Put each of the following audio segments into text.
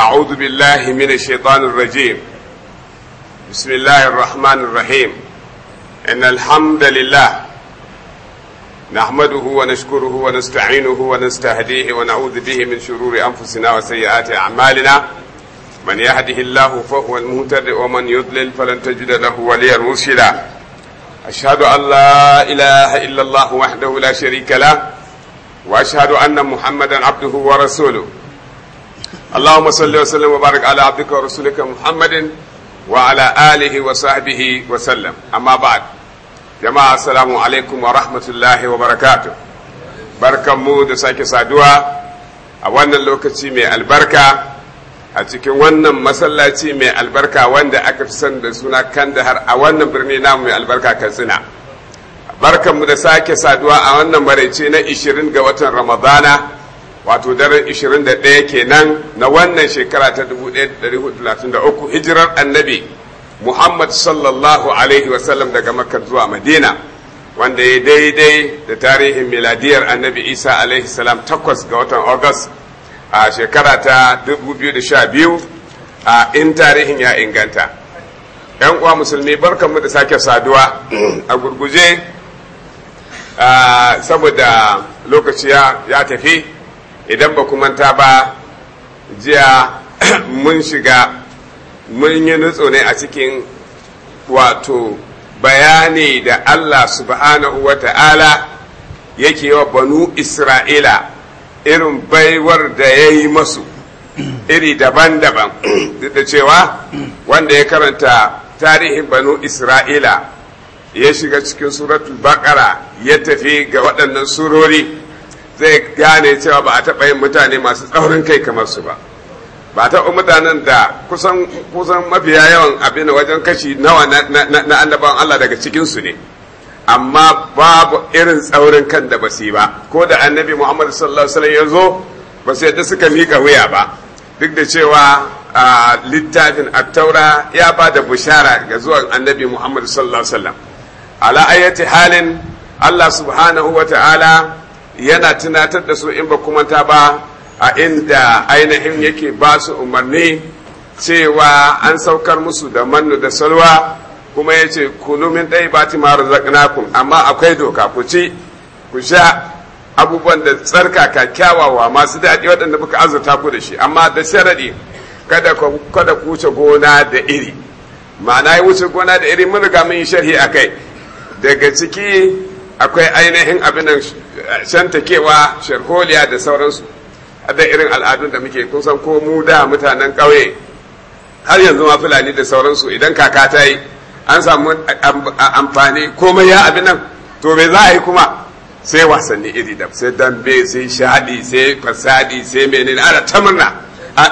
أعوذ بالله من الشيطان الرجيم بسم الله الرحمن الرحيم إن الحمد لله نحمده ونشكره ونستعينه ونستهديه ونعوذ به من شرور أنفسنا وسيئات أعمالنا من يهده الله فهو المهتد ومن يضلل فلن تجد له وليا مرشدا أشهد أن لا إله إلا الله وحده لا شريك له وأشهد أن محمدا عبده ورسوله اللهم صل وسلم وبارك على عبدك ورسولك محمد وعلى آله وصحبه وسلم أما بعد jama'a assalamu wa rahmatullahi wa barakatu barkanmu da sake saduwa a wannan lokaci mai albarka a cikin wannan masallaci mai albarka wanda aka fi san da suna kandahar a wannan birni namu mai albarka katsina barkanmu da sake saduwa a wannan maraice na 20 ga watan ramadana wato daren 21 kenan na wannan shekara ta 1433 hijirar annabi Muhammad sallallahu alaihi wasallam daga Makka zuwa Madina wanda ya daidai da tarihin miladiyar annabi Isa alaihi salam 8 ga watan August a shekara ta 2012 a in tarihin ya inganta. ‘Yan uwa musulmi barkanmu da sake saduwa a gurguje saboda lokaci ya tafi idan ba manta ba jiya mun shiga mun yi nutso ne a cikin wato bayani da Allah subhanahu wa ta'ala yake wa banu Isra'ila irin baiwar da ya yi masu iri daban-daban da cewa wanda ya karanta tarihin banu Isra'ila ya shiga cikin suratul bakara ya tafi ga waɗannan surori zai gane cewa ba a taɓa yin mutane masu tsaurin kai kamar su ba ba ta mutanen da kusan kusan mafiya yawan abin wajen kashi nawa na annabawan Allah daga cikinsu ne amma babu irin tsaurin kan da basi ba ko da annabi Muhammad sallallahu alaihi wasallam ya zo ba su yadda suka mika wuya ba duk da cewa littafin at-taura ya ba da bushara ga zuwan annabi Muhammad sallallahu alaihi wasallam ala halin Allah subhanahu wa ta'ala yana tunatar da su in ba kuma ta ba a inda ainihin yake ba su umarni cewa an saukar musu da mannu da salwa kuma ya ce kulumin ɗai ba ti mara zaƙinakun amma akwai doka ku ci ku sha abubuwan da tsarka ka kyawawa masu daɗi waɗanda muka azurta ku da shi amma da sharaɗi kada ku wuce gona da iri ma'ana ya wuce gona da iri mun riga mun yi sharhi a kai daga ciki akwai ainihin abin nan eh, shantakewa sharholiya da sauransu da irin al'adun da muke kun san ko mu da mutanen ƙauye har yanzu ma fulani da sauransu idan kaka ta yi an samu eh, eh, amfani komai ya abin nan to me za a yi kuma sai wasanni iri da sai dambe sai shaɗi sai fasadi sai menene ana ta murna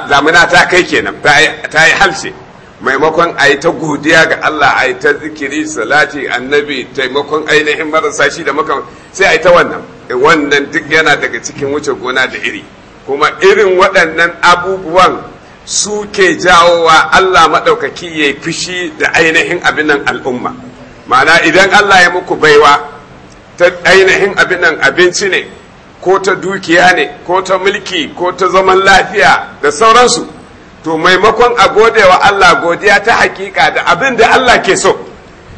zamuna ah, ta kai kenan ta yi halshe maimakon a yi ta godiya ga Allah a yi ta zikiri salati annabi taimakon ainihin marasa shi da maka sai a yi ta wannan eh, wannan duk yana daga cikin wuce gona da iri kuma irin waɗannan abubuwan su ke jawowa Allah maɗaukaki ya yi fushi da ainihin abinan al'umma ma'ana idan Allah ya muku baiwa ta ainihin abinan abinci ne ko ta dukiya ne ko ta mulki ko ta zaman lafiya da sauransu to maimakon a godewa Allah godiya ta hakika da abin da Allah ke so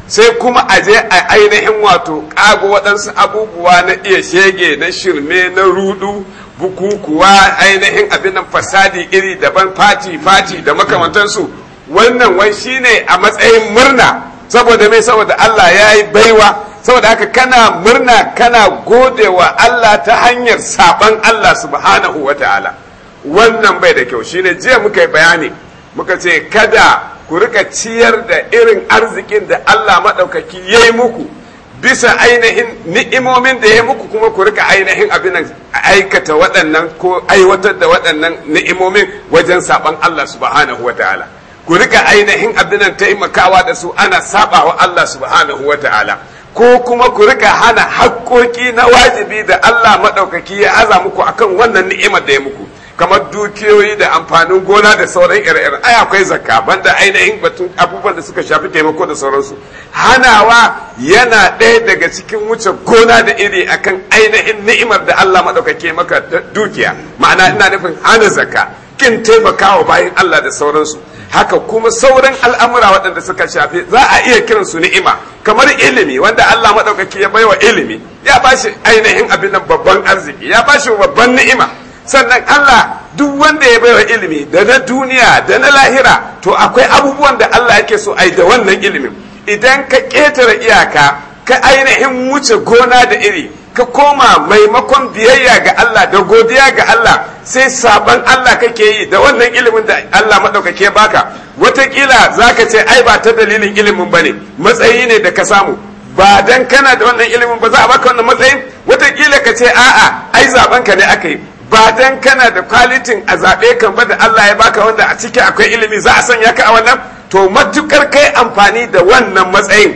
sai kuma a je a ainihin wato ƙago waɗansu abubuwa na iya shege na shirme na rudu bukukuwa ainihin abin nan fasadi iri daban fati fati da makamantansu wannan wai shine a matsayin murna saboda mai saboda Allah ya yi baiwa saboda haka kana murna kana godewa Allah ta hanyar saban Allah subhanahu wa ta'ala wannan bai da kyau shine jiya muka yi bayani muka ce kada ku rika ciyar da irin arzikin da Allah maɗaukaki ya yi muku bisa ainihin ni'imomin da ya yi muku kuma ku rika ainihin abin aikata waɗannan ko aiwatar da waɗannan ni'imomin wajen saɓan Allah subhanahu wa ta'ala ku rika ainihin abin taimakawa da su ana wa Allah subhanahu wa ta'ala ko kuma ku rika hana haƙƙoƙi na wajibi da Allah maɗaukaki ya aza muku akan wannan ni'imar da ya muku kamar dukiyoyi da amfanin gona da sauran ire-ire ai akwai zakka banda ainihin batun abubuwan da suka shafi taimako da sauransu hanawa yana ɗaya daga cikin wuce gona da iri akan ainihin ni'imar da Allah maɗaukake maka dukiya ma'ana ina nufin hana zakka kin taimakawa bayan Allah da sauransu haka kuma sauran al'amura waɗanda suka shafi za a iya kiran su ni'ima kamar ilimi wanda Allah maɗaukake ya baiwa ilimi ya bashi ainihin abin nan babban arziki ya bashi babban ni'ima sannan Allah duk wanda ya baiwa ilimi da na duniya da na lahira to akwai abubuwan da Allah yake so ai da wannan ilimin idan ka ƙetare iyaka ka ainihin wuce gona da iri ka koma maimakon biyayya ga Allah da godiya ga Allah sai saban Allah kake yi da wannan ilimin da Allah maɗaukake baka watakila za ka ce ai ba ta dalilin ilimin ba ne matsayi ne da ka samu ba dan kana da wannan ilimin ba za a baka wannan matsayin watakila ka ce a'a ai zaben ka ne aka yi ba dan kana da kwalitin a zaɓe kan ba da Allah ya baka wanda a ciki akwai ilimi za a sanya ka a wannan to matukar kai amfani da wannan matsayin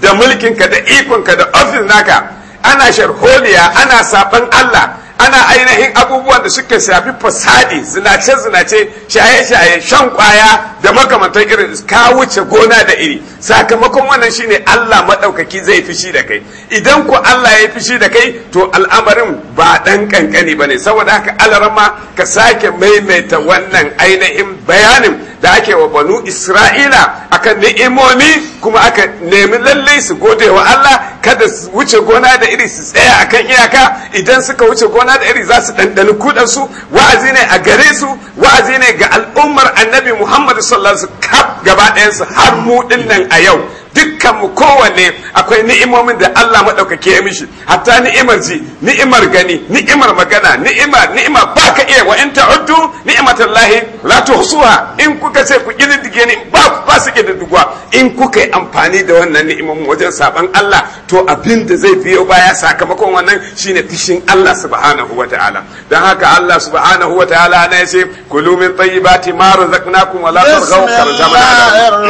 da mulkinka da ikonka da ofis naka ana sharholiya ana saɓan Allah ana ainihin abubuwan da suka shafi fasadi zinace-zinace shaye-shaye shan kwaya da makamantar irin ka wuce gona da iri sakamakon wannan shine Allah madaukaki zai fishi da kai idan ku Allah ya fishi da kai to al'amarin ba dan kankani ba ne saboda haka alarama ka sake maimaita wannan ainihin bayanin da ake wa banu isra'ila akan ni'imomi kuma aka nemi lallai su gode wa Allah kada su wuce gona da iri su tsaya akan iyaka idan suka wuce gona da iri za su ɗanɗani kudansu wa'azi ne a gare su wa'azi ne ga al'ummar annabi muhammadu sallallahu alaihi wasallam kaf gaba su har mu ɗin nan a yau duk mu kowanne akwai ni'imomin da Allah maɗaukaki ya mishi hatta ni'imar ji ni'imar gani ni'imar magana ni'ima ni'ima ba ka iya wa in ta'uddu ni'matallahi la tuhsuha in kuka ce ku kididdige ni ba ba su kididdigwa in kuka yi amfani da wannan ni'imomin wajen saban Allah to abin da zai biyo baya sakamakon wannan shine fishin Allah subhanahu wataala dan haka Allah subhanahu wataala na yace kulu min tayyibati ma razaqnakum wa la targhaw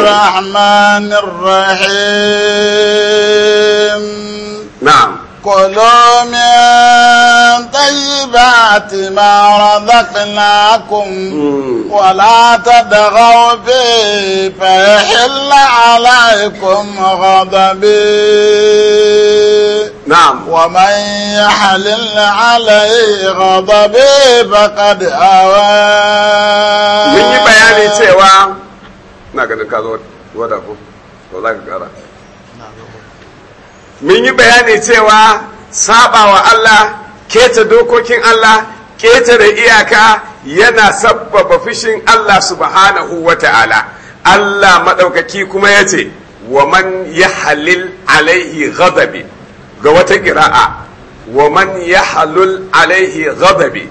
rahim الرجيم نعم كلوا من طيبات ما رزقناكم ولا تبغوا فيه فيحل عليكم غضبي نعم ومن يحلل عليه غضبي فقد أوى من يبياني سوى نعم كذلك هذا هو mun yi bayani cewa saba Allah keta dokokin Allah ketare iyaka yana sabbaba fushin Allah subhanahu wa ta'ala Allah madaukaki kuma yace waman wa alaihi ghadabi ga wata ƙira'a wa man ya alaihi ghadabi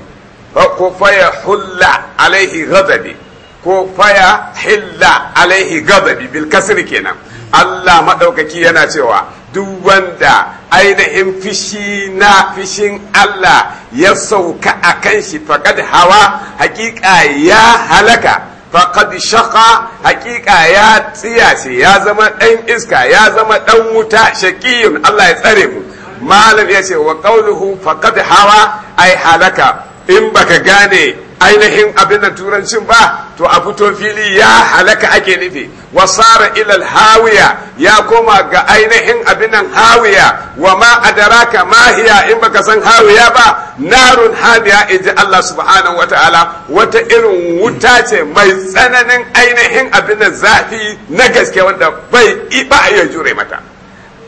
ko faya hulla alaihi ghadabi ko faya hilla alaihi ghadabi bil kasri kenan Allah maɗaukaki yana cewa duk wanda ainihin fishi na fishin Allah ya sauka a kan shi faƙad hawa hakika ya halaka faƙad shaka hakika ya tsiyace ya zama ɗan iska ya zama ɗan wuta shaƙiyun Allah ya tsare mu malam ya ce wa ƙauluhu faƙad hawa ai halaka in baka gane ainihin abin da turancin ba to a fito fili ya halaka ake nufi wasara ilal hawiya ya koma ga ainihin abin nan hawiya wa ma adaraka mahiya in baka san hawiya ba narun hadiya in Allah subhanahu wa ta'ala wata irin wuta ce mai tsananin ainihin abin da zafi na gaske wanda bai iba ya jure mata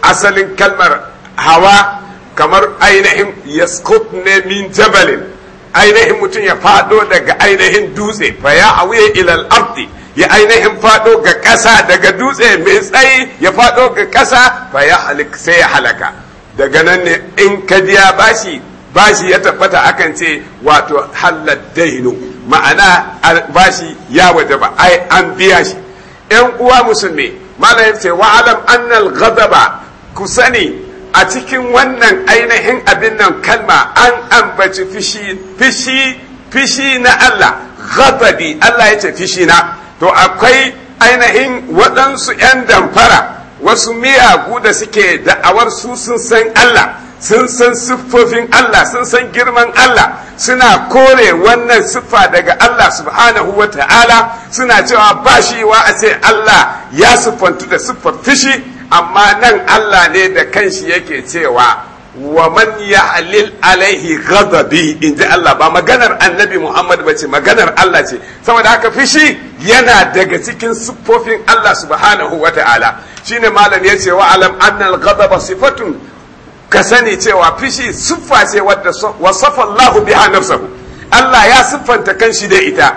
asalin kalmar hawa kamar ainihin yaskut ne min jabalin ainihin mutum ya faɗo daga ainihin dutse faya ya awiye ilal ardi ya ainihin faɗo ga ƙasa daga dutse mai tsayi ya fado ga ƙasa fa ya halik sai ya halaka daga nan ne in kadiya bashi bashi ya tabbata akan ce wato halal dainu ma'ana bashi ya wajaba ai an biya shi yan uwa musulmi malam ce wa'alam annal ghadaba ku sani a cikin wannan ainihin abin nan kalma an ambaci fishi fishi na Allah ghadabi Allah ya ce fishi na to akwai ainihin waɗansu 'yan damfara wasu miyagu da suke da'awar su sun san Allah sun san siffofin Allah sun san girman Allah suna kore wannan siffa daga Allah subhanahu wa ta'ala suna cewa ba shi wa a ce Allah ya siffantu da siffar fishi amma nan Allah ne da kanshi yake cewa wa man ya'lil alaihi ghadabi inji Allah ba maganar annabi Muhammad ba ce maganar Allah ce saboda haka fishi yana daga cikin siffofin Allah subhanahu wa ta'ala shine malam ya ce wa alam annal ghadaba sifatun ka sani cewa fishi siffa ce wadda wasafa Allah biha nafsahu Allah ya siffanta kanshi da ita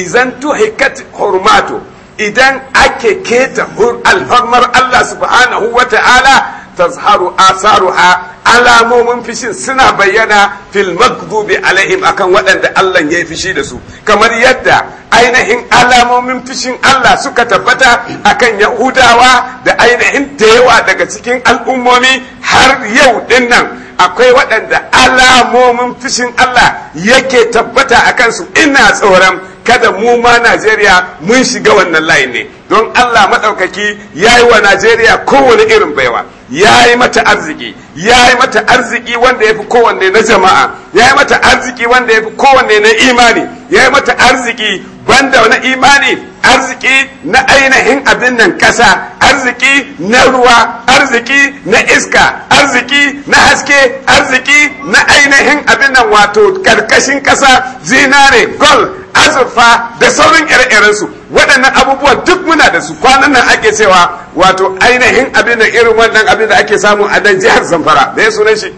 idan tuhikat hurmatu idan ake keta alfarmar Allah subhanahu wa ta'ala tazharu asaruha alamomin fishin suna bayyana fil magdubi alaihim akan waɗanda Allah ya yi fishi da su kamar yadda ainihin alamomin fishin Allah suka tabbata akan Yahudawa da ainihin da yawa daga cikin al'ummomi har yau din akwai waɗanda alamomin fishin Allah yake tabbata a kansu ina tsoron kada mu ma Najeriya mun shiga wannan layin ne don Allah maɗaukaki ya yi wa Najeriya kowane irin baiwa. ya yi mata arziki ya yi mata arziki wanda ya fi kowanne na jama'a ya yi mata arziki wanda ya fi kowanne na imani ya yi mata arziki banda na imani arziki na ainihin abin nan kasa arziki na ruwa arziki na iska arziki na haske arziki na ainihin abin nan wato karkashin kasa zinare gol azurfa da sauran ire-irensu waɗannan abubuwa duk muna da su kwanan nan ake cewa wato ainihin abin da irin wannan abin da ake samu a dan jihar zamfara da ya sunan shi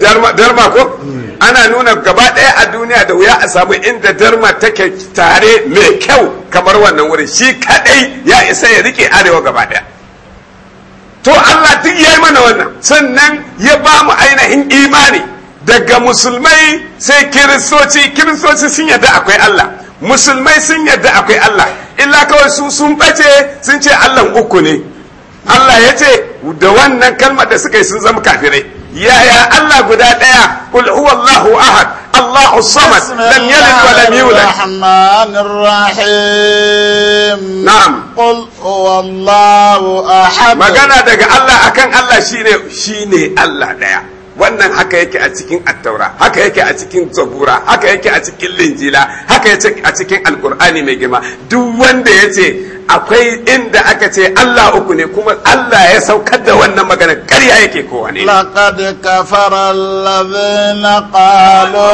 darma ko ana nuna gaba ɗaya a duniya da wuya a samu inda darma take tare mai kyau kamar wannan wurin shi kaɗai ya isa ya rike arewa gaba ɗaya to allah duk ya yi mana wannan sannan ya ba mu ainihin imani daga musulmai sai kiristoci kiristoci sun yarda akwai allah musulmai sun yadda akwai Allah illa kawai su sun bace sun ce Allah uku ne Allah ya ce da wannan kalmar da suka yi sun zama kafirai yaya Allah guda ɗaya kul Allahu ahad Allahu samad lam yalid wa lam yulad rahmanir rahim na'am kul Allahu ahad magana daga Allah akan Allah shine shine Allah ɗaya wannan haka yake a cikin attaura haka yake a cikin zabura haka yake a cikin linjila haka yake a cikin alkur'ani mai girma duk wanda ya ce akwai inda aka ce Allah uku ne kuma Allah ya saukar da wannan magana karya yake kowa ne laqad kafara allazina qalu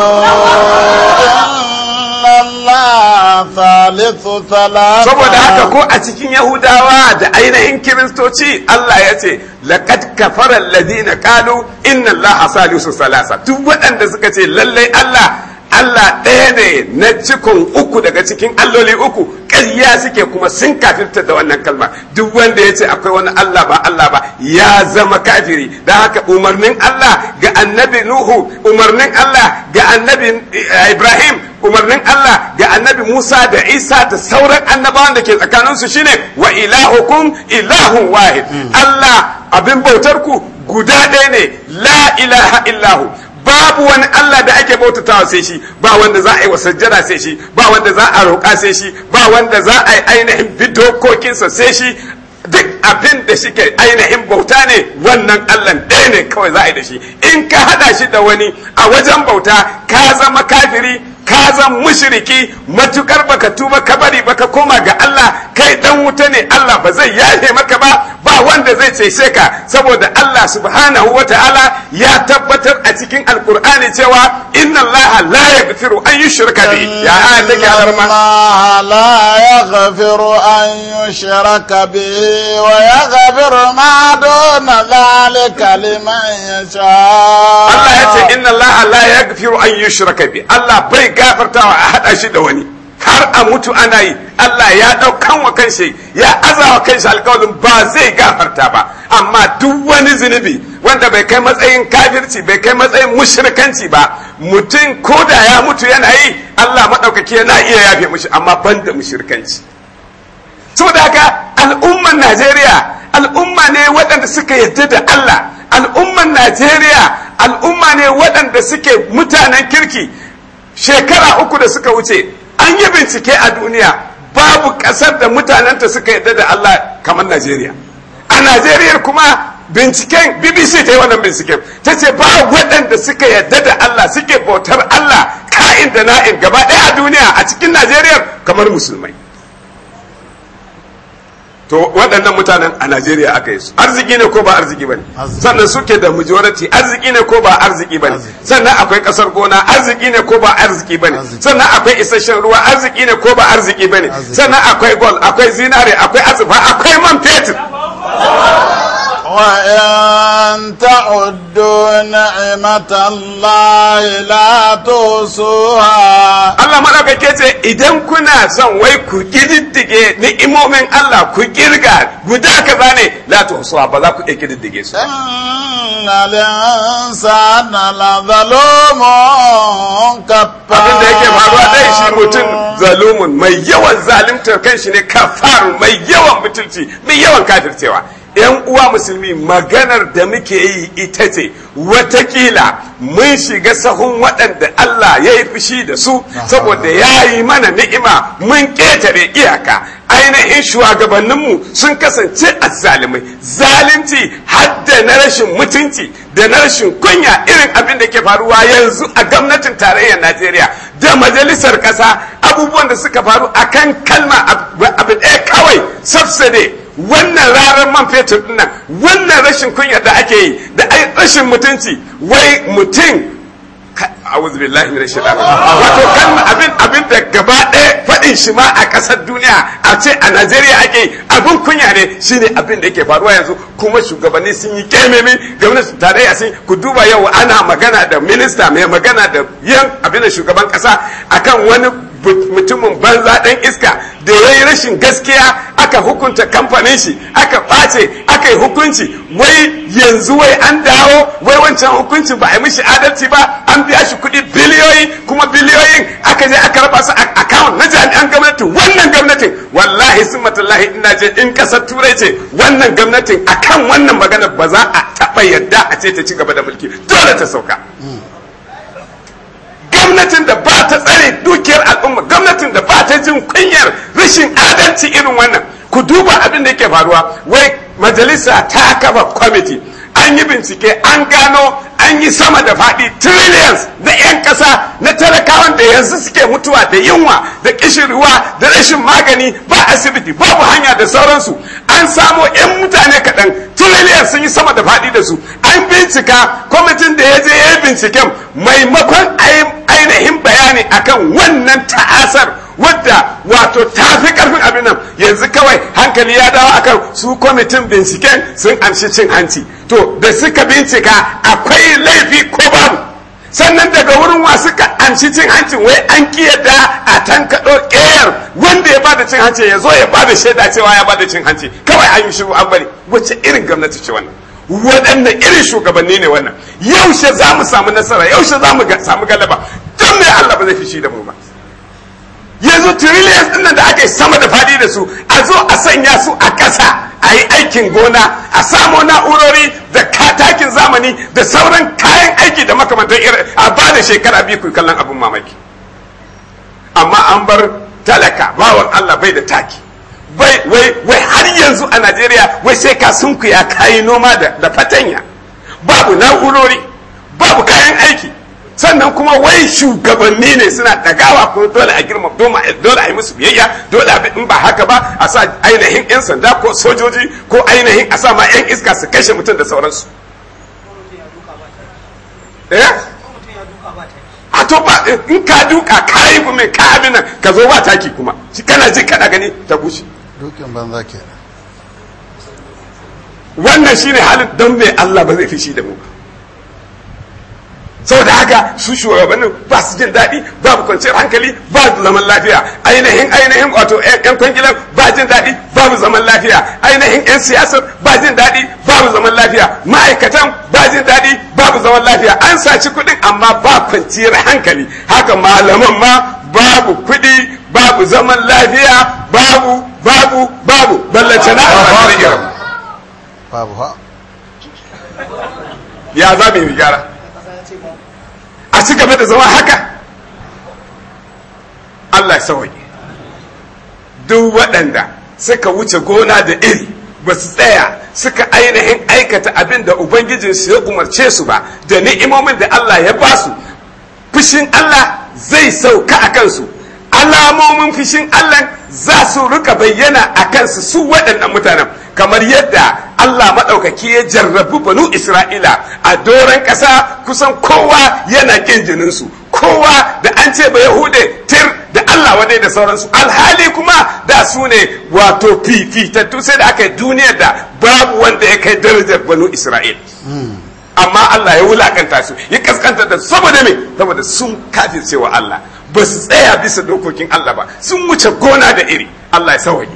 saboda haka ko a cikin yahudawa da ainihin kiristoci Allah ya ce laqad kafara alladhina qalu inna allaha salisu salasa duk waɗanda suka ce lallai Allah Allah ɗaya ne na cikon uku daga cikin alloli uku ƙarya suke kuma sun kafirta da wannan kalma duk wanda ya ce akwai wani Allah ba Allah ba ya zama kafiri da haka umarnin Allah ga annabi Nuhu umarnin Allah ga annabi eh, Ibrahim umarnin Allah ga annabi Musa da Isa da sauran annabawan da ke tsakaninsu shine wa ilahukum ilahun wahid hmm. Allah abin bautarku guda ɗaya ne la ilaha illahu babu wani Allah da ake bautatawa sai shi ba wanda za a yi wa sajjada sai shi ba wanda za a roƙa sai shi ba wanda za a yi ainihin bidokokinsa sai shi duk abin da shi ke ainihin bauta ne wannan allah ɗaya ne kawai za a yi da shi in ka haɗa shi da wani a wajen bauta ka zama kafiri ka zan mushriki matukar baka tuba ka bari baka koma ga Allah kai dan wuta ne Allah ba zai yahe maka ba ba wanda zai cece ka saboda Allah subhanahu wataala ya tabbatar a cikin alkur'ani cewa inna Allah la yaghfiru an yushraka bihi ya aya take alarma la yaghfiru an yushraka bihi wa yaghfiru ma duna zalika liman yasha Allah yace inna Allah la yaghfiru an yushraka bihi Allah bai gafartawa a hada shi da wani har a mutu ana yi Allah ya ɗaukan wa kanshi ya azawa kanshi alƙawarin ba zai gafarta ba amma duk wani zunubi wanda bai kai matsayin kafirci bai kai matsayin mushrikanci ba mutum ko da ya mutu yana yi Allah maɗaukaki yana iya yafe mushi amma ban da mushrikanci saboda haka al'umman Najeriya al'umma ne waɗanda suka yarda da Allah al'umman Najeriya al'umma ne waɗanda suke mutanen kirki shekara uku da suka wuce an yi bincike a duniya babu ƙasar da mutanenta suka yadda da Allah kamar Najeriya a Najeriya kuma binciken BBC ta yi wannan binciken ta ce ba waɗanda suka yadda da Allah suke bautar Allah ka'in da na'in gaba ɗaya a duniya a cikin Najeriya kamar musulmai to waɗannan mutanen a Najeriya aka yi su arziki ne ko ba arziki bane sannan suke da majority arziki ne ko ba arziki bane sannan akwai ƙasar gona arziki ne ko ba arziki bane sannan akwai isasshen ruwa arziki ne ko ba arziki bane sannan akwai gold akwai zinare akwai azufa akwai man fetur وإن تعدوا نعمة الله لا توصوها الله مدعوك كيسي إذن كنا سنوي كجددك نئمو من الله كجرغا قداك باني لا توصوها بلا بذا كجددك إن الإنسان لظلوم كفار أبين ديكي بابا ديشي dai ظلوم ما يوى الظالم تركنش نكفار ما يوى kafar ما يوى كافر تيوى ‘yan uwa musulmi maganar da muke yi ita ce watakila mun shiga sahun waɗanda Allah ya yi fushi da su saboda ya yi mana ni'ima mun ƙetare iyaka ainihin shugabanninmu sun kasance a zalimai zalunci hadda na rashin mutunci da na rashin kunya irin abin da ke faruwa yanzu a gwamnatin tarayyar najeriya da majalisar kasa abubuwan da suka faru akan kalma abu ɗaya kawai subsidy wannan rarar man fetur dinnan wannan rashin kunya da ake yi da rashin mutunci wai mutum a'udhu billahi minash shaitanir wato kan abin abin da gaba ɗaya faɗin shi ma a ƙasar duniya a ce a Najeriya ake abin kunya ne shine abin da yake faruwa yanzu kuma shugabanni sun yi kememe gwamnati tarayya sun ku duba yau ana magana da minista mai magana da yan abin da shugaban ƙasa akan wani mutumin banza ɗan iska da ya yi rashin gaskiya aka hukunta kamfanin shi aka ɓace aka yi hukunci wai yanzu wai an dawo wai wancan hukunci ba a yi mishi adalci ba an biya shi kuɗi biliyoyi kuma biliyoyin aka je aka raba su a account na jami'an gwamnati wannan gwamnatin wallahi sun matallahi ina je in ƙasar turai ce wannan gwamnatin akan wannan magana ba za a taɓa yadda a ce ta ci gaba da mulki dole ta sauka. gwamnatin da ba ta tsare dukiyar al'umma gwamnatin da ba ta jin kunyar rashin adalci irin wannan ku duba abin da yake faruwa wai majalisa ta kafa kwamiti an yi bincike an gano an yi sama da faɗi trillions na 'yan ƙasa na talakawan da yanzu suke mutuwa da yunwa da ƙishirwa da rashin magani ba asibiti babu hanya da sauransu an samo 'yan mutane kaɗan trillions sun yi sama da faɗi da su an bincika kwamitin da ya je ya yi binciken maimakon ainihin bayani akan wannan ta'asar wadda wato ta fi karfin abin nan yanzu kawai hankali ya dawo akan su kwamitin binciken sun amshi cin hanci to da suka bincika akwai laifi ko babu sannan daga wurin wa suka amshi cin hanci wai an da a tankaɗo ƙeyar wanda ya bada cin hanci ya zo ya bada shaida cewa ya bada cin hanci kawai an yi shiru an bari wacce irin gwamnati ce wannan waɗannan irin shugabanni ne wannan yaushe za mu samu nasara yaushe za mu samu galaba don mai Allah ba zai shi da mu ba yanzu trillions din nan da ake sama da fadi da su a zo a sanya su a ƙasa a yi aikin gona a samo na'urori da katakin zamani da sauran kayan aiki da makamantan irin a ba da shekara biyu ku kallon abin mamaki amma an bar talaka bawan allah bai da taki wai har yanzu a najeriya wai sai ka sunkuya kayi noma da fatanya babu na'urori babu kayan aiki sannan kuma wai shugabanni ne suna dagawa ko dole a girma dole a yi musu biyayya dole a in ba haka ba a sa ainihin yan sanda ko sojoji ko ainihin a sa ma yan iska su kashe mutum da sauransu eh? a to ba in ka duka ka yi kuma ka abin nan ka zo ba taki kuma shi kana ji kana gani ta gushi dukin banza ke wannan shine halin don bai Allah ba zai fishi da mu ba da haka su shugabannin ba su jin daɗi babu kwanciyar hankali ba babu zaman lafiya ainihin ainihin wato yan eh, kwangilan ba jin daɗi ba babu zaman lafiya ainihin yan siyasar ba jin daɗi ba babu zaman lafiya ma'aikatan ba jin daɗi ba babu zaman lafiya an saci kuɗin amma ba kwanciyar hankali haka malaman ma babu kuɗi babu zaman lafiya babu babu babu ballace na babu ha ya za mu yi gyara a ci gaba da zama haka Allah duk waɗanda suka wuce gona da iri ba su tsaya suka ainihin aikata abin da ubangijinsu ya umarce su ba da ni'imomin da Allah ya basu su fushin Allah zai sauka a kansu alamomin fishin Allah za su rika bayyana a kansu su waɗannan mutanen kamar yadda Allah maɗaukaki ya jarrabu banu Isra'ila a doron ƙasa kusan kowa yana ƙin jininsu kowa da an ce ba Yahude tir da Allah wadai da sauransu alhali kuma da su ne wato fifitattu sai da aka yi duniyar da babu wanda ya kai darajar banu Isra'il. Amma Allah ya wulakanta su ya kaskanta da saboda me saboda sun kafin cewa Allah. ba su tsaya bisa dokokin Allah ba sun wuce gona da iri Allah ya sauwaye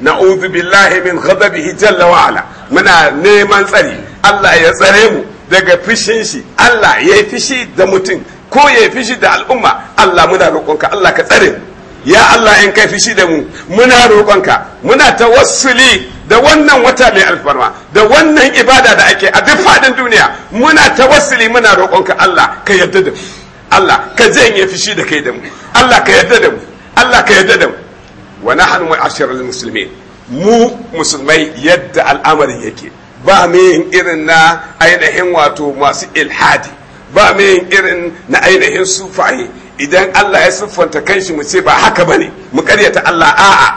na'udhu billahi min ghadabihi jalla wa ala muna neman tsari Allah ya tsare mu daga fishin shi Allah ya fishi da mutum ko ya fishi da al'umma Allah muna roƙonka Allah ka tsare ya Allah in kai fishi da mu muna roƙonka muna tawassuli da wannan wata mai alfarma da wannan ibada da ake a duk faɗin duniya muna tawassuli muna roƙonka Allah ka yarda da mu Allah ka janye fishi da kai da mu Allah ka yarda da mu Allah ka yarda da mu wa nahnu ma'asharul muslimin mu musulmai yadda al'amarin yake ba mu yin irin na ainihin wato masu ilhadi ba mu yin irin na ainihin sufaye idan Allah ya siffanta kanshi mu ce ba haka bane mu karyata Allah a'a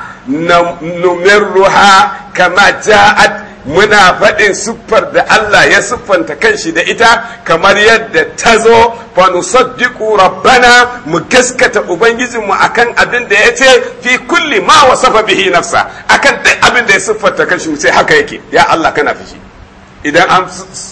numirruha kama ja'at muna faɗin siffar da Allah ya siffanta kanshi da ita kamar yadda ta zo fa nusaddiqu rabbana mu gaskata ubangijinmu akan abin da ya ce fi kulli ma wasafa bihi nafsa akan duk abin da ya siffanta kanshi mu ce haka yake ya Allah kana fushi idan an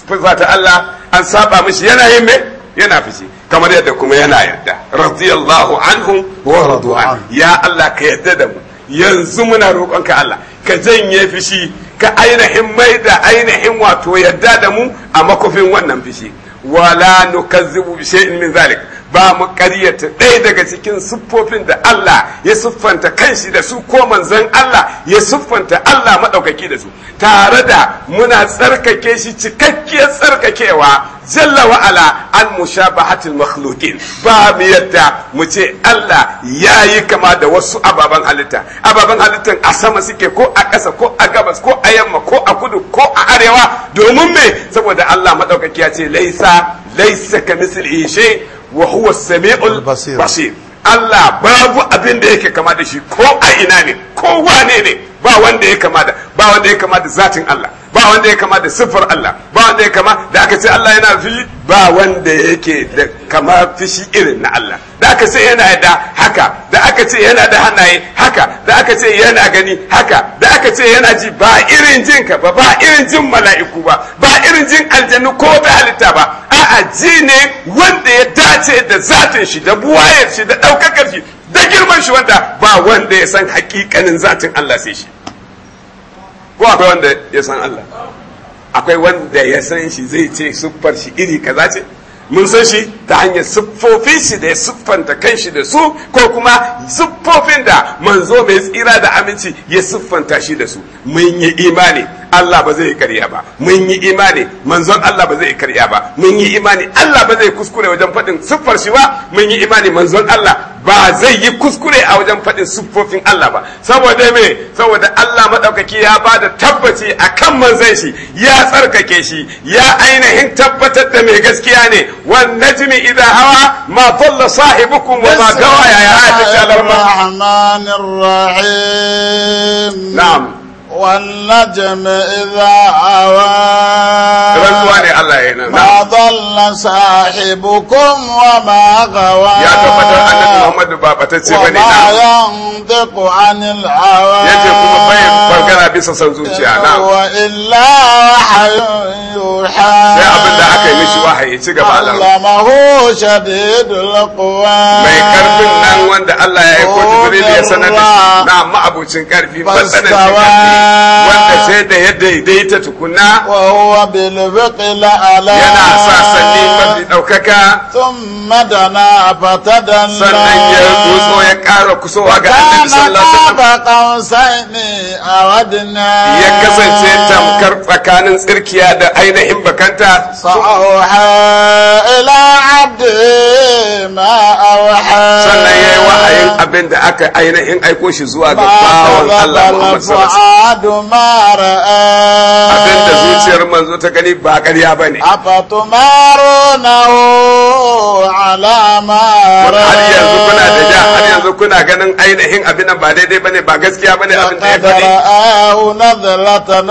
fusata Allah an saba mishi yana yin me yana fushi kamar yadda kuma yana yadda radiyallahu anhum wa radu ya Allah ka yadda da mu yanzu muna roƙonka Allah ka janye fishi ka ainihin mai da ainihin wato yadda da mu a makofin wannan fishi wala nukazzibu bi shay'in min zalik ba mu ƙaryata ɗaya daga cikin siffofin da Allah ya siffanta kanshi da su ko manzon Allah ya siffanta Allah maɗaukaki da su tare da muna tsarkake shi cikakkiyar tsarkakewa jalla wa'ala an mushabahatil makhluqin ba mu yadda mu ce Allah ya yi kama da wasu ababen halitta ababen halittan a sama suke ko a ƙasa ko a gabas ko a yamma ko a kudu ko a arewa domin me saboda Allah maɗaukaki ya ce laisa laisa ka mislihi shi wa huwa sami'ul basir Allah babu abin da yake kama da shi ko a ina ne ko wane ne ba wanda ya kama da ba wanda ya kama da zatin Allah ba wanda ya kama da siffar Allah ba wanda ya kama da aka ce Allah yana fi ba wanda yake da kama fushi irin na Allah da aka ce yana da haka da aka ce yana da hannaye haka da aka ce yana gani haka da aka ce yana ji ba irin jin ka ba ba irin jin mala'iku ba ba irin jin aljannu ko da halitta ba a'a ji ne wanda ya dace da zatin shi da buwayar shi da daukakar shi da girman shi wanda ba wanda ya san hakikanin zatin Allah sai shi ko akwai wanda ya san Allah akwai wanda ya san shi zai ce siffar shi iri kaza ce mun san shi ta hanyar siffofin shi da ya siffanta shi da su ko kuma siffofin da manzo mai tsira da aminci ya siffanta shi da su mun yi imani Allah ba zai karya ba mun yi imani manzon Allah ba zai karya ba mun yi imani Allah ba zai kuskure wajen faɗin siffar shi ba mun yi imani manzon Allah ba zai yi kuskure a wajen faɗin siffofin Allah ba saboda me saboda Allah madaukaki ya ba da tabbaci akan manzon shi ya tsarkake shi ya ainihin tabbatar da mai gaskiya ne wan najmi idha hawa ma dalla sahibukum wa ma gawa ya ya ta shalama na'am والنجم إذا هوى ما نعم. ضل صاحبكم وما غوى وما نعم. ينطق عن الهوى نعم. هو إلا وحي يوحى علمه شديد القوى وقول الله فاستوى wanda sai da ya daidaita tukuna wa huwa bil ala yana sa sanni mafi daukaka thumma dana fatadan sannan ya kuso ya kara kusowa ga annabi sallallahu alaihi wasallam ba awadna ya kasance tamkar tsakanin tsirkiya da ainihin bakanta sa'aha ila abdi ma awha sannan yayi wa'ayin abin da aka aina in aiko shi zuwa ga bawon Allah Muhammad sallallahu alaihi abin da zuciyar manzo ta gani ba ƙarya bane afatumarunahu ala ma har yanzu kuna da ja har yanzu kuna ganin ainihin abin ba daidai ba ne ba gaskiya ba ne abin da ya faɗi Allah da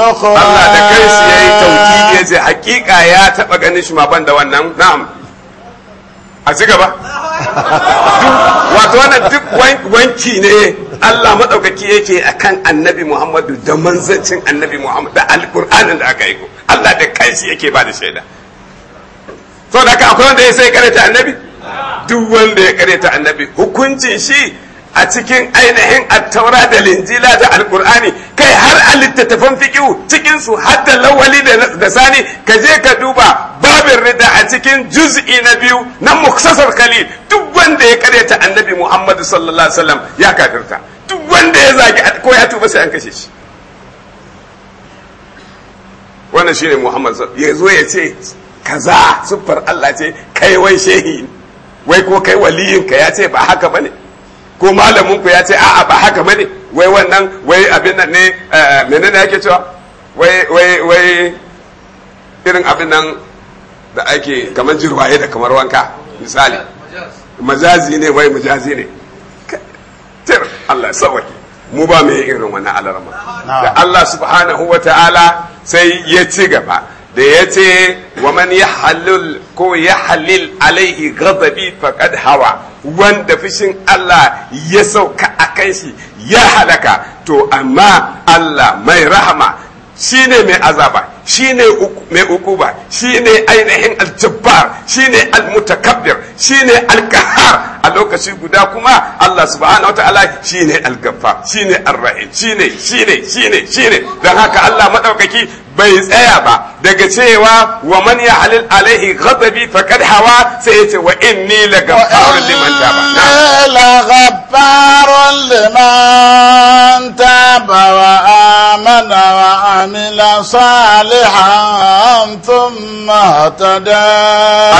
kai shi yayi tauki ya ce hakika ya taɓa ganin shi ma ban da wannan na'am a ci gaba wato wannan duk wanki ne Allah maɗaukaki yake kan annabi Muhammadu da manzancin annabi Muhammadu da alƙur'anin da aka yi ko Allah da kanshi yake ba da shaida so da akwai wanda ya sai karanta annabi duk wanda ya karanta annabi hukuncin shi a cikin ainihin attaura da linjila da alkur'ani kai har a littattafan fiƙihu cikinsu har da lawali da sani ka je ka duba babin rida a cikin juz'i na biyu na muksasar khalil duk wanda ya karyata annabi muhammadu sallallahu alaihi wasallam ya kafirta duk wanda ya zagi ko ya tuba sai an kashe shi wannan shine muhammad ya zo ya ce kaza siffar allah ce kai wai shehi wai ko kai waliyin ya ce ba haka bane ko malamin ku ya ce a'a ba haka bane wai wannan wai abin nan ne eh, menene yake cewa wai wai wai irin abin nan da ake kamar jirwaye da kamar wanka misali majazi ne wai majazi ne tir Allah sawaki mu ba mai irin wani alarma da Allah subhanahu wa ta'ala sai ya ci gaba da ya ce wa man ya halil ko ya halil alaihi ghadabi faqad hawa wanda fushin Allah ya sauka a kai shi ya halaka to amma Allah mai rahama shi ne mai azaba shi ne mai ukuba shi ne ainihin aljabbar shi ne almutakabbir shi ne alkahar lokaci guda kuma Allah subhanahu wataala shine al-gaffa shine ar-rahim shine shine shine shine dan haka Allah madaukaki bai tsaya ba daga cewa wa man ya halil alaihi ghadabi faqad hawa sai yace wa inni la ghaffarun liman taba la ghaffarun liman taba wa amana wa amila salihan thumma tada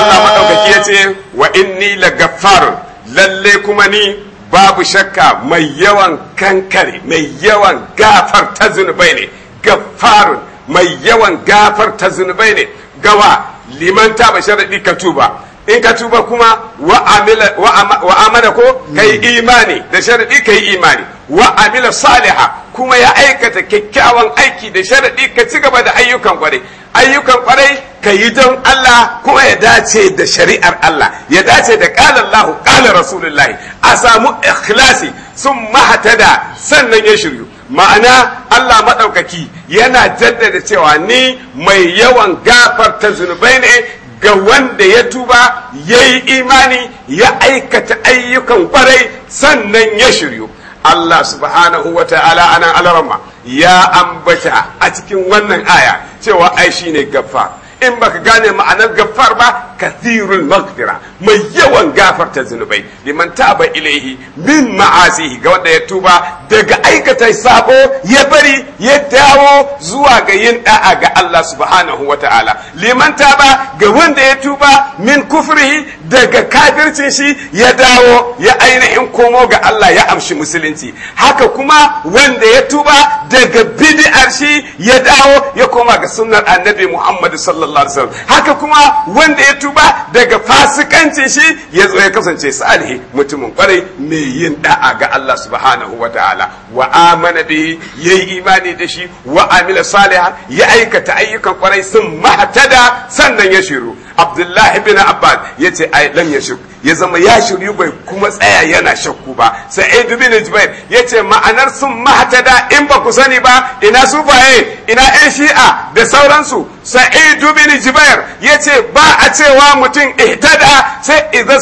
Allah madaukaki yace wa inni la ghaffarun lalle kuma ni babu shakka mai yawan kankare mai yawan gafar ta zunubai ne gafarun mai yawan gafar ta zunubai ne gawa liman ta ba sharaɗi ka tuba in ka tuba kuma wa amana ko kai hmm. imani da sharadi kai imani wa amila saliha kuma ya aikata kyakkyawan aiki da sharaɗi ka ci gaba da ayyukan kwarai ayyukan kwarai ka yi don Allah ko ya dace da shari'ar Allah ya dace da ƙala Allah ƙala Rasulullah a samu ikhlasi sun da sannan ya shirya ma'ana Allah maɗaukaki yana jaddada cewa ni mai yawan gafarta zunubai ne ga wanda ya tuba ya yi imani ya aikata ayyukan kwarai sannan ya shirya Allah subhanahu wa ta'ala anan alarama ya ambata a cikin wannan aya cewa ai shine gaffa in baka gane ma'anar gaffar ba kathirul maghfira mai yawan gafarta zunubai liman taba ilaihi min ma'asihi ga wanda ya tuba daga aikata sabo ya bari ya dawo zuwa ga yin da'a ga Allah subhanahu wata'ala liman taba ga wanda ya tuba min kufrihi daga kafircin shi ya dawo ya ainihin komo ga Allah ya amshi musulunci haka kuma wanda ya tuba daga bid'ar shi ya dawo ya koma ga sunnar annabi Muhammad sallallahu alaihi wasallam haka kuma wanda ya tuba daga fasikancin shi ya zo ya kasance salihi mutumin kwarai mai yin da'a ga Allah subhanahu wata'ala ta'ala wa amana bihi yayi imani da shi wa amila salihan ya aikata ayyukan kwarai sun mahtada sannan ya shiru abdullahi bin abbas ya ce ai lam ya shuk ya zama ya shiryu bai kuma tsaya yana shakku ba sai aidu bin jubair ya ce ma'anar sun mahatada in ba ku sani ba ina sufaye ina yan shi'a da sauransu sa'idu bin jubair ya ce ba a cewa mutum ihtada sai idan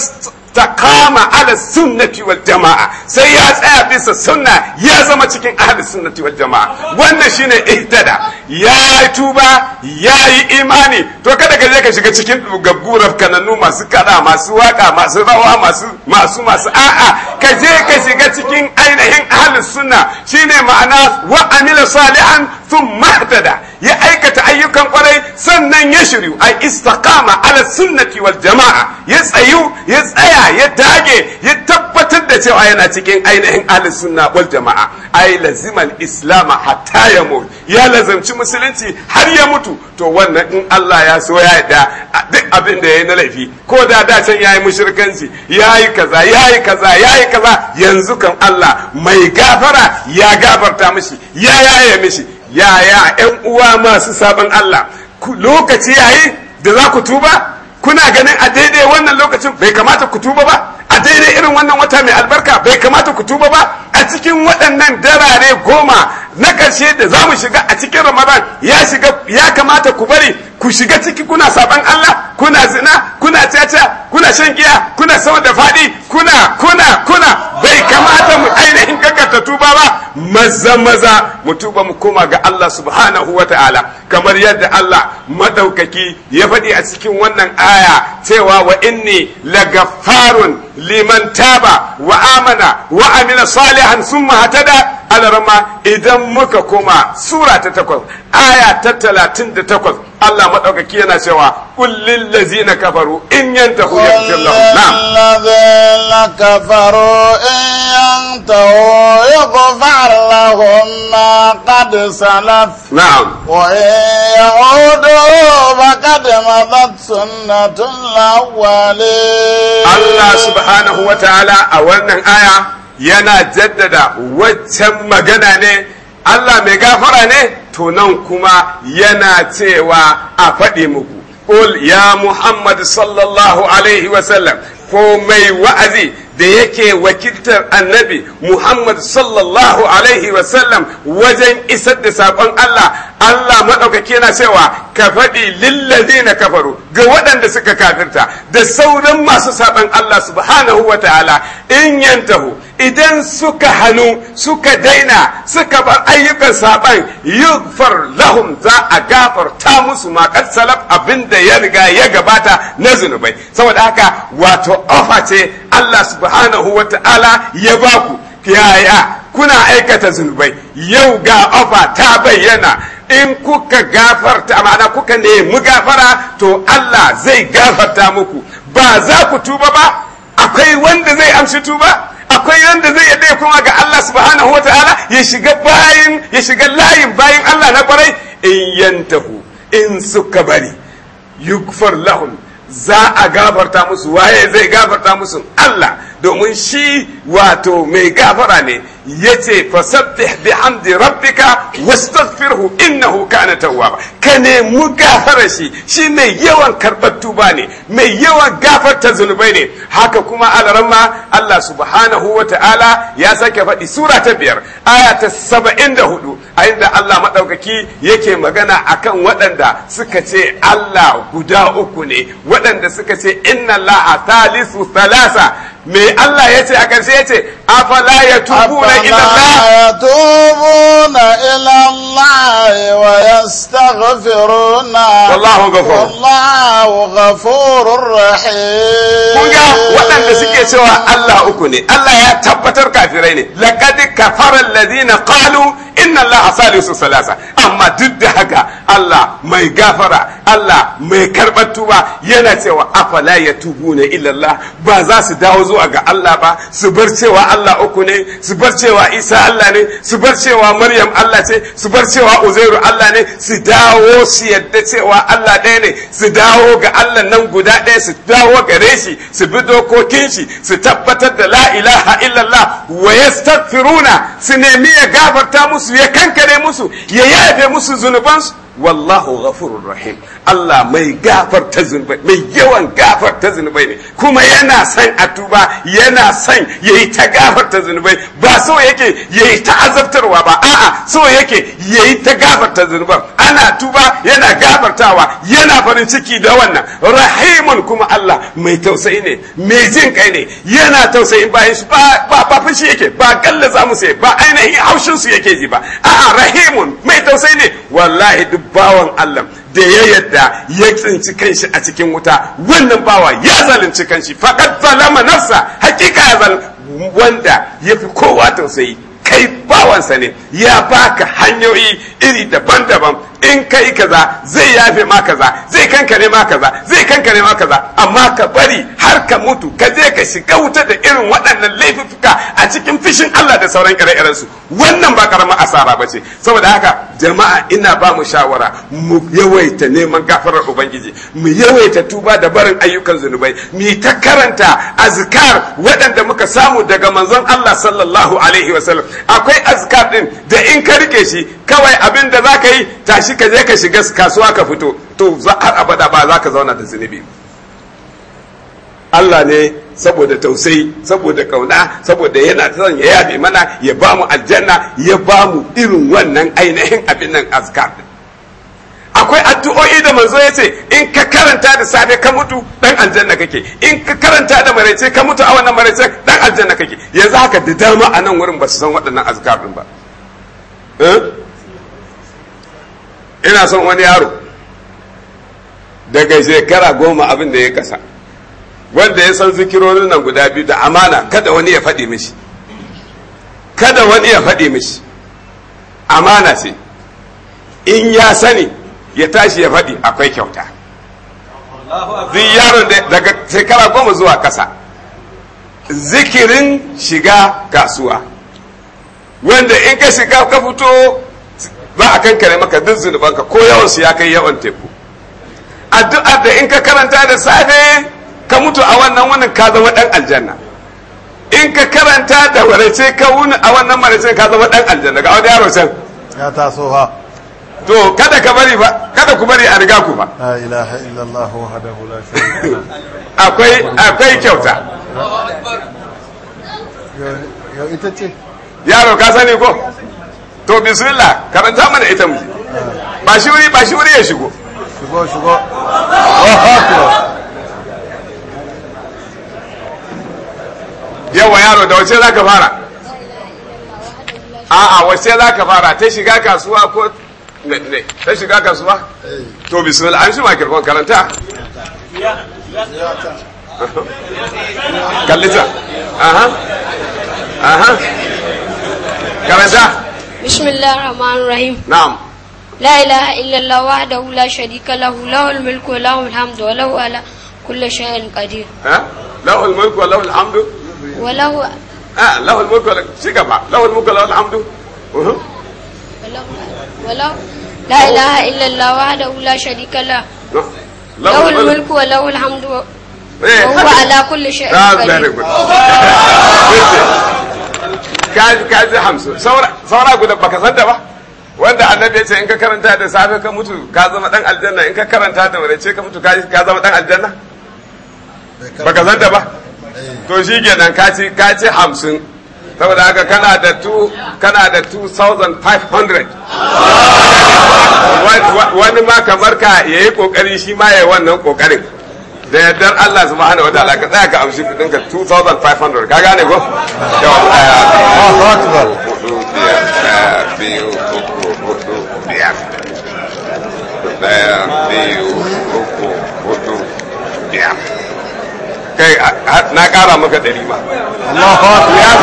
takama ala sunnati wal jama'a sai ya tsaya bisa sunna ya zama cikin ahli sunnati wal jama'a wannan shine ihtada ya yi tuba ya yi imani to kada ka je ka shiga cikin gaggurar kananu masu kada masu waka masu rawa masu masu a'a ka je ka shiga cikin ainihin ahlus sunna shine ma'ana wa amila salihan thumma ya aikata ayyukan kwarai sannan ya shiryu ai istaqama ala sunnati wal jama'a ya tsayu ya tsaya ya dage ya tabbatar da cewa yana cikin ainihin ahlus sunna wal jama'a ai lazimal islam hatta yamut ya lazamci musulunci har ya mutu to wannan in Allah ya so ya yarda duk abin da yayi na laifi ko da da can yayi mushrikanci yayi kaza yayi kaza yayi kaza yanzu kan Allah mai gafara ya gafarta mishi ya yaya mishi ya ya ƴan uwa masu sabon Allah lokaci yayi da za ku tuba kuna ganin a daidai wannan lokacin bai kamata ku tuba ba a daidai irin wannan wata mai albarka bai kamata ku tuba ba a cikin waɗannan darare goma na ƙarshe da za mu shiga a cikin ramadan ya kamata ku bari ku shiga ciki kuna saɓan allah kuna zina kuna caca kuna shan giya kuna sama da faɗi kuna kuna kuna bai kamata mu ainihin gaggata tuba ba maza maza mu tuba mu koma ga Allah subhanahu wa ta'ala kamar yadda Allah madaukaki ya faɗi a cikin wannan aya cewa wa inni lagafarun liman taba wa amana wa amila salihan sun mahatada alarma idan muka koma sura ta takwas aya ta talatin da takwas Allah maɗaukaki yana cewa kullin lazina kafaru in yanta hu yaghfir lahum na'am lazina kafaru in yanta hu yaghfir lahum ma qad salaf na'am wa yaudu faqad madat sunnatul awwalin Allah subhanahu wa ta'ala a wannan aya yana jaddada waccan magana ne Allah mai gafara ne to nan kuma yana cewa a faɗi muku Ƙul ya Muhammad sallallahu alaihi wasallam ko mai wa'azi da yake wakiltar annabi Muhammad sallallahu alaihi sallam wajen isar da saƙon Allah Allah maɗaukaki yana cewa ka faɗi lillazi na kafaru ga waɗanda suka kafirta da sauran masu saɓon Allah subhanahu wa ta'ala in yantahu idan suka hannu suka daina suka bar ayyukan saban yughfar lahum za a gafarta musu makar salaf abinda ya riga ya gabata na zunubai saboda haka wato ofa ce Allah subhanahu ta'ala, ya baku yaya kuna aikata zunubai yau ga ofa ta bayyana in kuka gafarta ma'ana kuka nemi gafara to Allah zai gafarta muku ba za ku tuba ba akwai wanda zai amshi tuba akwai wanda zai yadda ya koma ga Allah subhanahu wataala ya shiga bayin ya shiga layin bayin Allah na kwarai in yantahu in suka bari yugfar lahum za a gafarta musu waye zai gafarta musu Allah domin shi wato mai gafara ne yace fasabbih bihamdi rabbika wastaghfirhu innahu kana tawwaba ka mu gafara shi shi mai yawan karɓar tuba ne mai yawan gafarta zunubai ne haka kuma alramma Allah subhanahu wata'ala ya sake faɗi sura ta biyar aya ta saba'in da hudu a inda Allah maɗaukaki yake magana a kan waɗanda suka ce Allah guda uku ne waɗanda suka ce inna la'a talisu salasa me Allah ya ce akan sai ya ce afala ya tubu na ilallah ya tubu na allah wa ya na wallahu ghafur wallahu ghafurur rahim kunga waɗanda suke cewa Allah uku ne Allah ya tabbatar kafirai ne laqad kafara alladhina qalu inna Allah salisu salasa amma duk da haka Allah mai gafara Allah mai karɓar tuba yana cewa afala ya tubu na allah ba za su dawo zuwa ga Allah ba su bar cewa Allah uku ne su bar cewa Isa Allah ne su bar cewa Maryam Allah ce su bar cewa Uzairu Allah ne su dawo su yadda cewa Allah ɗaya ne su dawo ga Allah nan guda ɗaya su dawo gare shi su bi dokokin shi su tabbatar da la ilaha illallah wa yastaghfiruna su nemi ya gafarta musu ya kankare musu ya yafe musu zunubansu wallahu ghafurur rahim Allah mai gafarta zunubai mai yawan gafarta zunubai ne kuma yana san a tuba yana son yayi ta gafarta zunubai ba so yake yayi ta azabtarwa ba a'a so yake yayi ta gafarta zunubai ana tuba yana gafartawa yana farin ciki da wannan rahimun kuma Allah mai tausayi ne mai jin kai ne yana tausayin bayan shi ba ba fushi yake ba zamu sai ba ainihin haushin su yake ji ba a'a rahimun mai tausayi ne wallahi duk bawan Allah da ya yadda ya tsinci kanshi a cikin wuta wannan bawa ya zalunci kanshi faqad zalama nafsa hakika ya zal wanda yafi kowa tausayi kai bawansa ne ya baka hanyoyi iri daban-daban in kai kaza zai yafe ma kaza zai kankare ma kaza zai kankare ma kaza amma ka bari har ka mutu ka je ka shiga wuta da irin waɗannan laifuka a cikin fishin Allah da sauran ire-iren su wannan ba karamar asara bace saboda haka jama'a ina ba mu shawara mu yawaita neman gafarar ubangiji mu yawaita tuba da barin ayyukan zunubai mu ta karanta azkar waɗanda muka samu daga manzon Allah sallallahu alaihi wasallam akwai azkar din da in ka rike shi kawai abin da zaka yi tashi shi ka je ka shiga kasuwa ka fito to za har abada ba za ka zauna da zunubi Allah ne saboda tausayi saboda kauna saboda yana son ya yabe mana ya ba mu aljanna ya ba mu irin wannan ainihin abin nan azkar akwai addu'o'i da manzo ya ce in ka karanta da safe ka mutu dan aljanna kake in ka karanta da maraice ka mutu a wannan maraice dan aljanna kake yanzu haka da dama a nan wurin ba su san waɗannan azkar din ba eh ina son wani yaro daga shekara goma abin da ya kasa wanda ya san zikirorin nan guda biyu da amana kada wani ya faɗi mishi kada wani ya faɗi mishi amana ce in ya sani ya tashi ya faɗi akwai kyauta zai daga shekara goma zuwa kasa zikirin shiga kasuwa wanda in ka shiga ka fito za a kankare maka duk zunubanka ko yawansu ya kai yawan teku addu'ar da in ka karanta da safe ka mutu a wannan wannan ka zama dan aljanna in ka karanta da warace ka wuni a wannan marace ka zama dan aljanna ga wani yaro can ya taso ha to kada ka bari ba kada ku bari a riga ku ba la ilaha illallah wahdahu la sharika akwai akwai kyauta yau ita ce yaro ka sani ko to bismillah karanta mana ita mu ba shi wuri ba shi wuri ya shigo shigo shigo yawa yaro da wace zaka fara a a wace zaka fara ta shiga kasuwa ko ne ne ta shiga kasuwa to bismillah an shi ma kirkon karanta kallita aha aha karanta بسم الله الرحمن الرحيم نعم لا إله إلا الله وحده لا شريك له له الملك وله الحمد وله على كل شيء قدير ها له الملك وله الحمد وله اه له الملك وله له الملك وله الحمد وله وله لا إله إلا الله وحده لا شريك له نعم. له الملك وله الحمد إيه. وهو على كل شيء قدير kaji kaji hamsin saura guda baka san da ba wanda annabi ya ce in ka karanta da safe ka mutu ka zama dan aljanna in ka karanta da wadace ka mutu ka zama dan aljanna baka san da ba to shi kenan ka ci hamsin saboda haka kana da tu kana da 2500 wani ma kamar ka yayi kokari shi ma yayi wannan kokarin da yardar Allah subhanahu wataala ka tsaya ka amshi kudin ka 2500 ka gane ko yawa daya Allahu akbar hudu biyar daya biyu uku hudu biyar daya biyu uku hudu biyar kai na kara maka dari ma Allahu akbar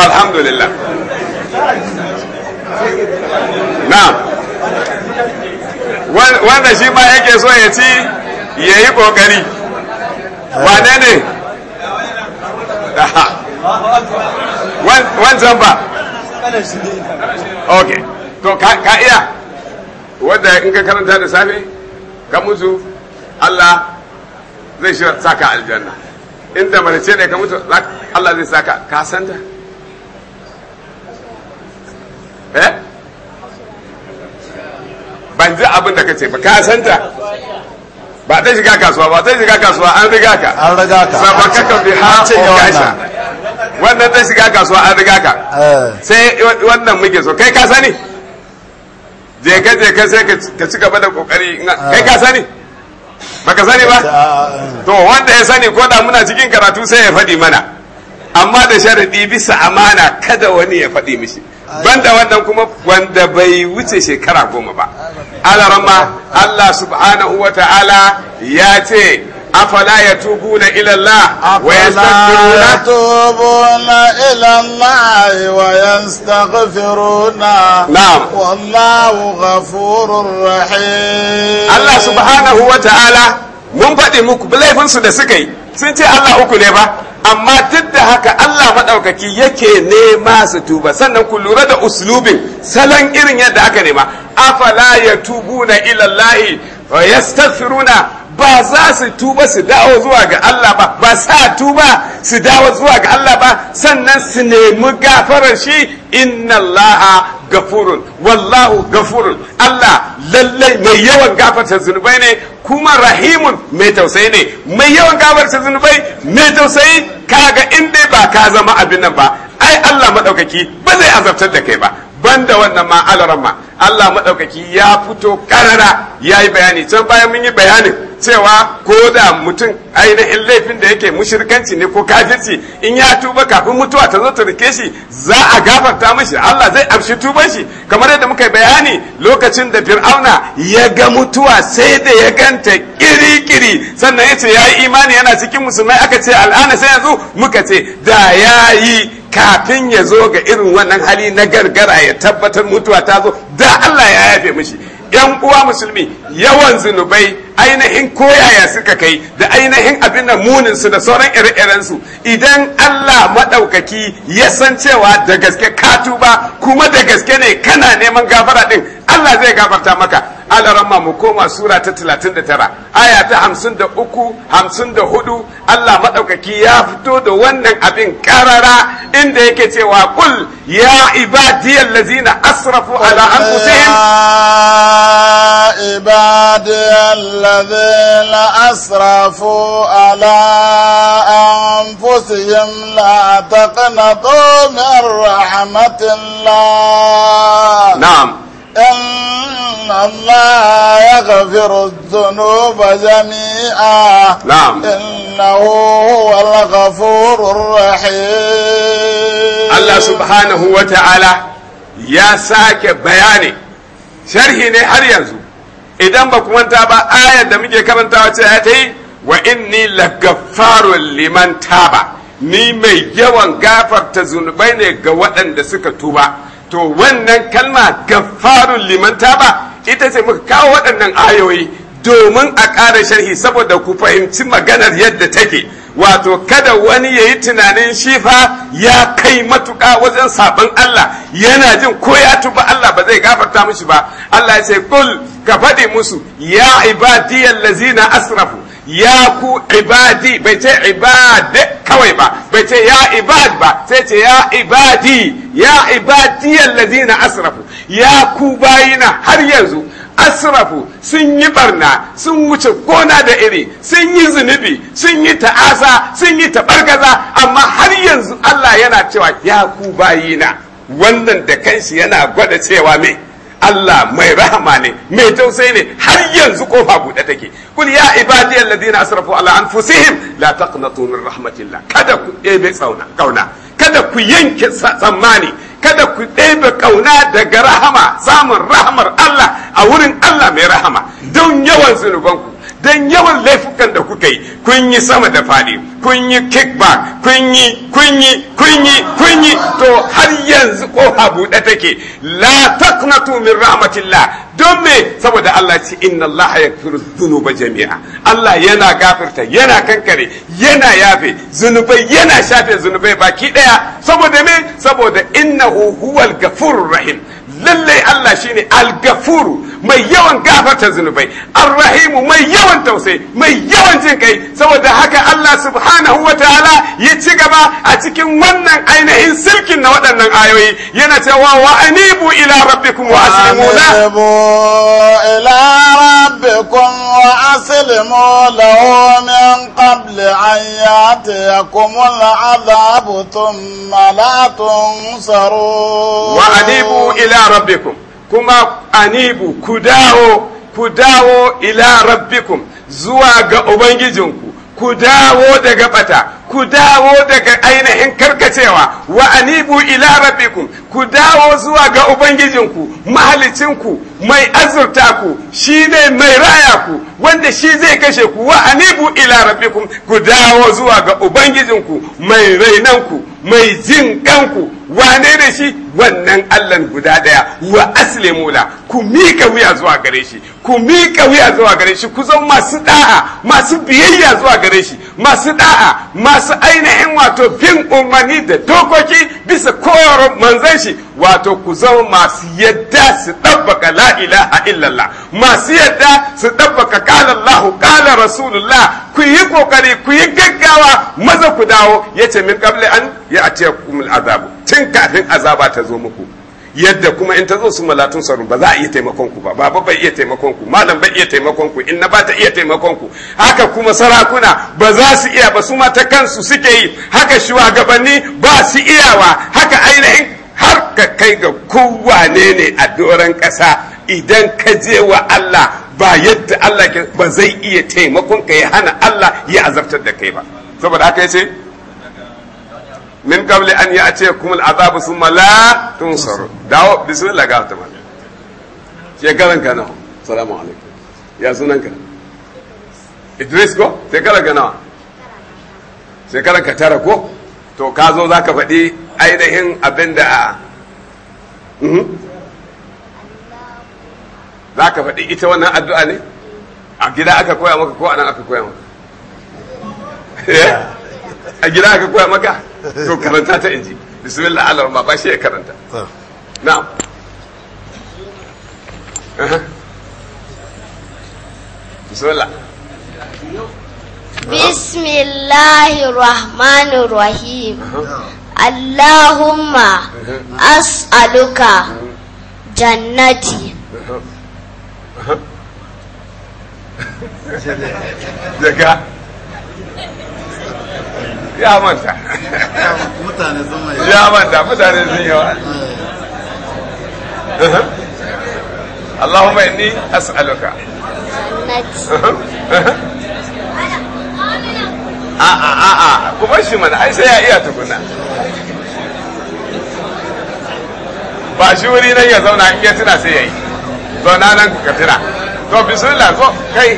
alhamdulillah na'am wanda shi ma yake so ya ci ya yi kokari wane ne wancan ba ok to ka iya wadda in ka karanta da safe ka mutu allah zai shi saka aljanna inda malice ne ka mutu allah zai saka ka santa eh ban ji abin da ka ce ba ka san ta ba ta shiga kasuwa ba ta shiga kasuwa an riga ka an riga ka sabba ka bi ha ko gasha wannan ta shiga kasuwa an riga ka eh. sai wannan muke so kai ka sani je ka je ka sai ka ci gaba da kokari kai ka sani eh. baka sani ba eh, to wanda ya sani ko da muna cikin karatu sai ya faɗi mana amma da sharadi bisa amana kada wani ya faɗi mishi banda wannan kuma wanda bai wuce shekara goma ba alarama Allah subhanahu wa ta'ala ya ce afala ya tubu na ilallah wa ya tubu na ilallah wa ya staghfiruna na'am wallahu ghafurur rahim Allah subhanahu wa ta'ala mun faɗi muku laifinsu da suka yi sun ce Allah uku ne ba amma duk da haka Allah maɗaukaki yake nema su tuba sannan ku lura da uslubin salon irin yadda aka nema afala ya tubu na ilallahi wa yastaghfiruna ba za su tuba su dawo zuwa ga Allah ba ba sa tuba su dawo zuwa ga Allah ba sannan su nemi gafarar shi inna Allah gafurun wallahu gafurun Allah lallai mai yawan gafarta zunubai ne kuma rahimun mai tausayi ne mai yawan gafarta zunubai mai tausayi kaga in dai ba ka zama abin nan ba ai Allah madaukaki ba zai azabtar da kai ba banda wannan ma ma Allah maɗaukaki ya fito karara ya yi bayani can bayan mun yi bayanin cewa ko da mutum ainihin laifin da yake mushirkanci ne ko kafirci in ya tuba kafin mutuwa ta zo ta rike shi za a gafarta mashi Allah zai amshi tuban shi kamar yadda muka yi bayani lokacin da fir'auna ya ga mutuwa sai da ya ganta kiri sannan ya ce ya yi imani yana cikin musulmai aka ce al'ana sai yanzu muka ce da ya yi kafin ya zo ga irin wannan hali na gargara ya tabbatar mutuwa ta zo da Allah ya yafe mishi yan uwa musulmi yawan zunubai ainihin koyaya suka kai da ainihin abin da muninsu da sauran ire su idan Allah maɗaukaki ya san cewa da gaske ka tuba kuma da gaske ne kana neman gafara ɗin Allah zai gafarta maka alarama mu koma sura ta 39 aya ta 53 54 Allah maɗaukaki ya fito da wannan abin karara inda yake cewa kul ya ibadiyal lazina asrafu ala anfusihim الذين أسرفوا على أنفسهم لا تقنطوا من رحمة الله نعم إن الله يغفر الذنوب جميعا نعم إنه هو الغفور الرحيم الله سبحانه وتعالى يا ساك بياني شرحي har yanzu idan ba ku manta ba ayar da muke karantawa ce ta yi wa inni lagaffarun liman taba ni mai yawan gafarta zunubai ne ga waɗanda suka tuba to wannan kalma gaffarun liman taba ita ce muka kawo waɗannan ayoyi domin a ƙara sharhi saboda ku fahimci maganar yadda take wato kada wani ya yi tunanin shi fa ya kai matuƙa wajen saɓin Allah yana jin ko ya tuba Allah ba zai gafarta mishi ba Allah ya ce kul ka faɗi musu ya ibadi lazina asrafu ya ku ibadi bai ce ibadi kawai ba bai ce ya ibad ba sai ce ya ibadi ya ibadi lazina asrafu ya ku bayina har yanzu asrafu sun yi barna sun wuce gona da iri sun yi zunubi sun yi ta'asa sun yi tabargaza amma har yanzu Allah yana cewa ya ku bayina wannan da kanshi yana gwada cewa me Allah mai rahama ne mai tausayi ne har yanzu kofa buɗe take kul ya ibadiyal ladina asrafu ala anfusihim la taqnatu min rahmatillah kada ku ɗebe tsauna kauna kada ku yanke tsammani kada ku ɗebe kauna daga rahama samun rahamar Allah a wurin Allah mai rahama don yawan zunubanku don yawan laifukan da kuka yi kun yi sama da faɗi kun yi kickback kun yi kun yi kun yi kun yi to har yanzu kofa buɗe take la taqnatu min rahmatillah don me saboda Allah ce inna Allah yaghfiru dhunuba jami'a Allah yana gafirta yana kankare yana yafe zunubai yana shafe zunubai baki daya saboda me saboda innahu huwal ghafurur rahim lallai Allah shine al-gafuru mai yawan gafarta zunubai ar-rahimu mai yawan tausayi mai yawan jin kai saboda haka Allah subhanahu taala ya ci gaba a cikin wannan ainihin silkin na waɗannan ayoyi yana cewa wa anibu ila rabbikum wa aslimu la ila rabbikum wa aslimu lahu min qabli an yatiyakum al-'adhabu thumma la tunsarun wa anibu ila rabbikum kuma anibu ku dawo ku dawo ila rabbikum zuwa ga ubangijinku ku dawo daga bata ku dawo daga ainihin karkacewa wa anibu ila rabbikum ku dawo zuwa ga ubangijinku mahalicinku mai azurta ku shi ne mai raya ku wanda shi zai kashe ku wa anibu ila rabbikum ku dawo zuwa ga ubangijinku mai rainanku mai jin kanku wane ne shi wannan allan guda ɗaya wa asle la ku mika wuya zuwa gare shi ku miƙa wuya zuwa gare shi ku zama masu da'a masu biyayya zuwa gare shi masu da'a masu ainihin wato bin umarni da dokoki bisa koyar manzan shi wato ku zama masu yadda su ɗabbaka la ilaha illallah masu yadda su ɗabbaka kala Allah kala rasulullah ku yi kokari ku yi gaggawa maza ku dawo yace min qabli an ya atiyakumul azabu tun kafin azaba ta zo muku yadda kuma in ta zo su malatun sauran ba za a iya taimakon ku ba baba bai iya taimakon ku malam bai iya taimakon ku inna ba ta iya taimakon ku haka kuma sarakuna ba za su iya ba su ma ta kansu suke yi haka shugabanni ba su iyawa haka ainihin har ka kai ga kowane ne a doron ƙasa idan ka je wa Allah ba yadda Allah ke ba zai iya taimakon ka ya hana Allah ya azabtar da kai ba saboda haka yace min qabli an ya'tiyakum al'azab thumma la tunsaru dawo bismillah ga ta mana shekaran gana wa assalamu alaikum ya sunan ka Idris ko Shekara gana wa? shekaran ka tara ko to ka zo za ka faɗi ainihin abin da mhm. za ka faɗi ita wannan addu'a ne a gida aka koya maka ko anan aka koya maka eh? a gida aka koya maka to karanta ta inji bismillah Allah ba ba shi ya karanta ah. na'am bismillah bismillahir rahmanir rahim uh-huh. allahumma uh-huh. as'aluka jannati uh-huh. daga ya manta ya manta mutane sun yawa eh. Allahumma inni as'aluka jannati a a a kuma shi mana ai sai ya iya tukuna ba shi wuri nan ya zauna in ya tuna sai ya yi zauna nan ku katira to bismillah zo kai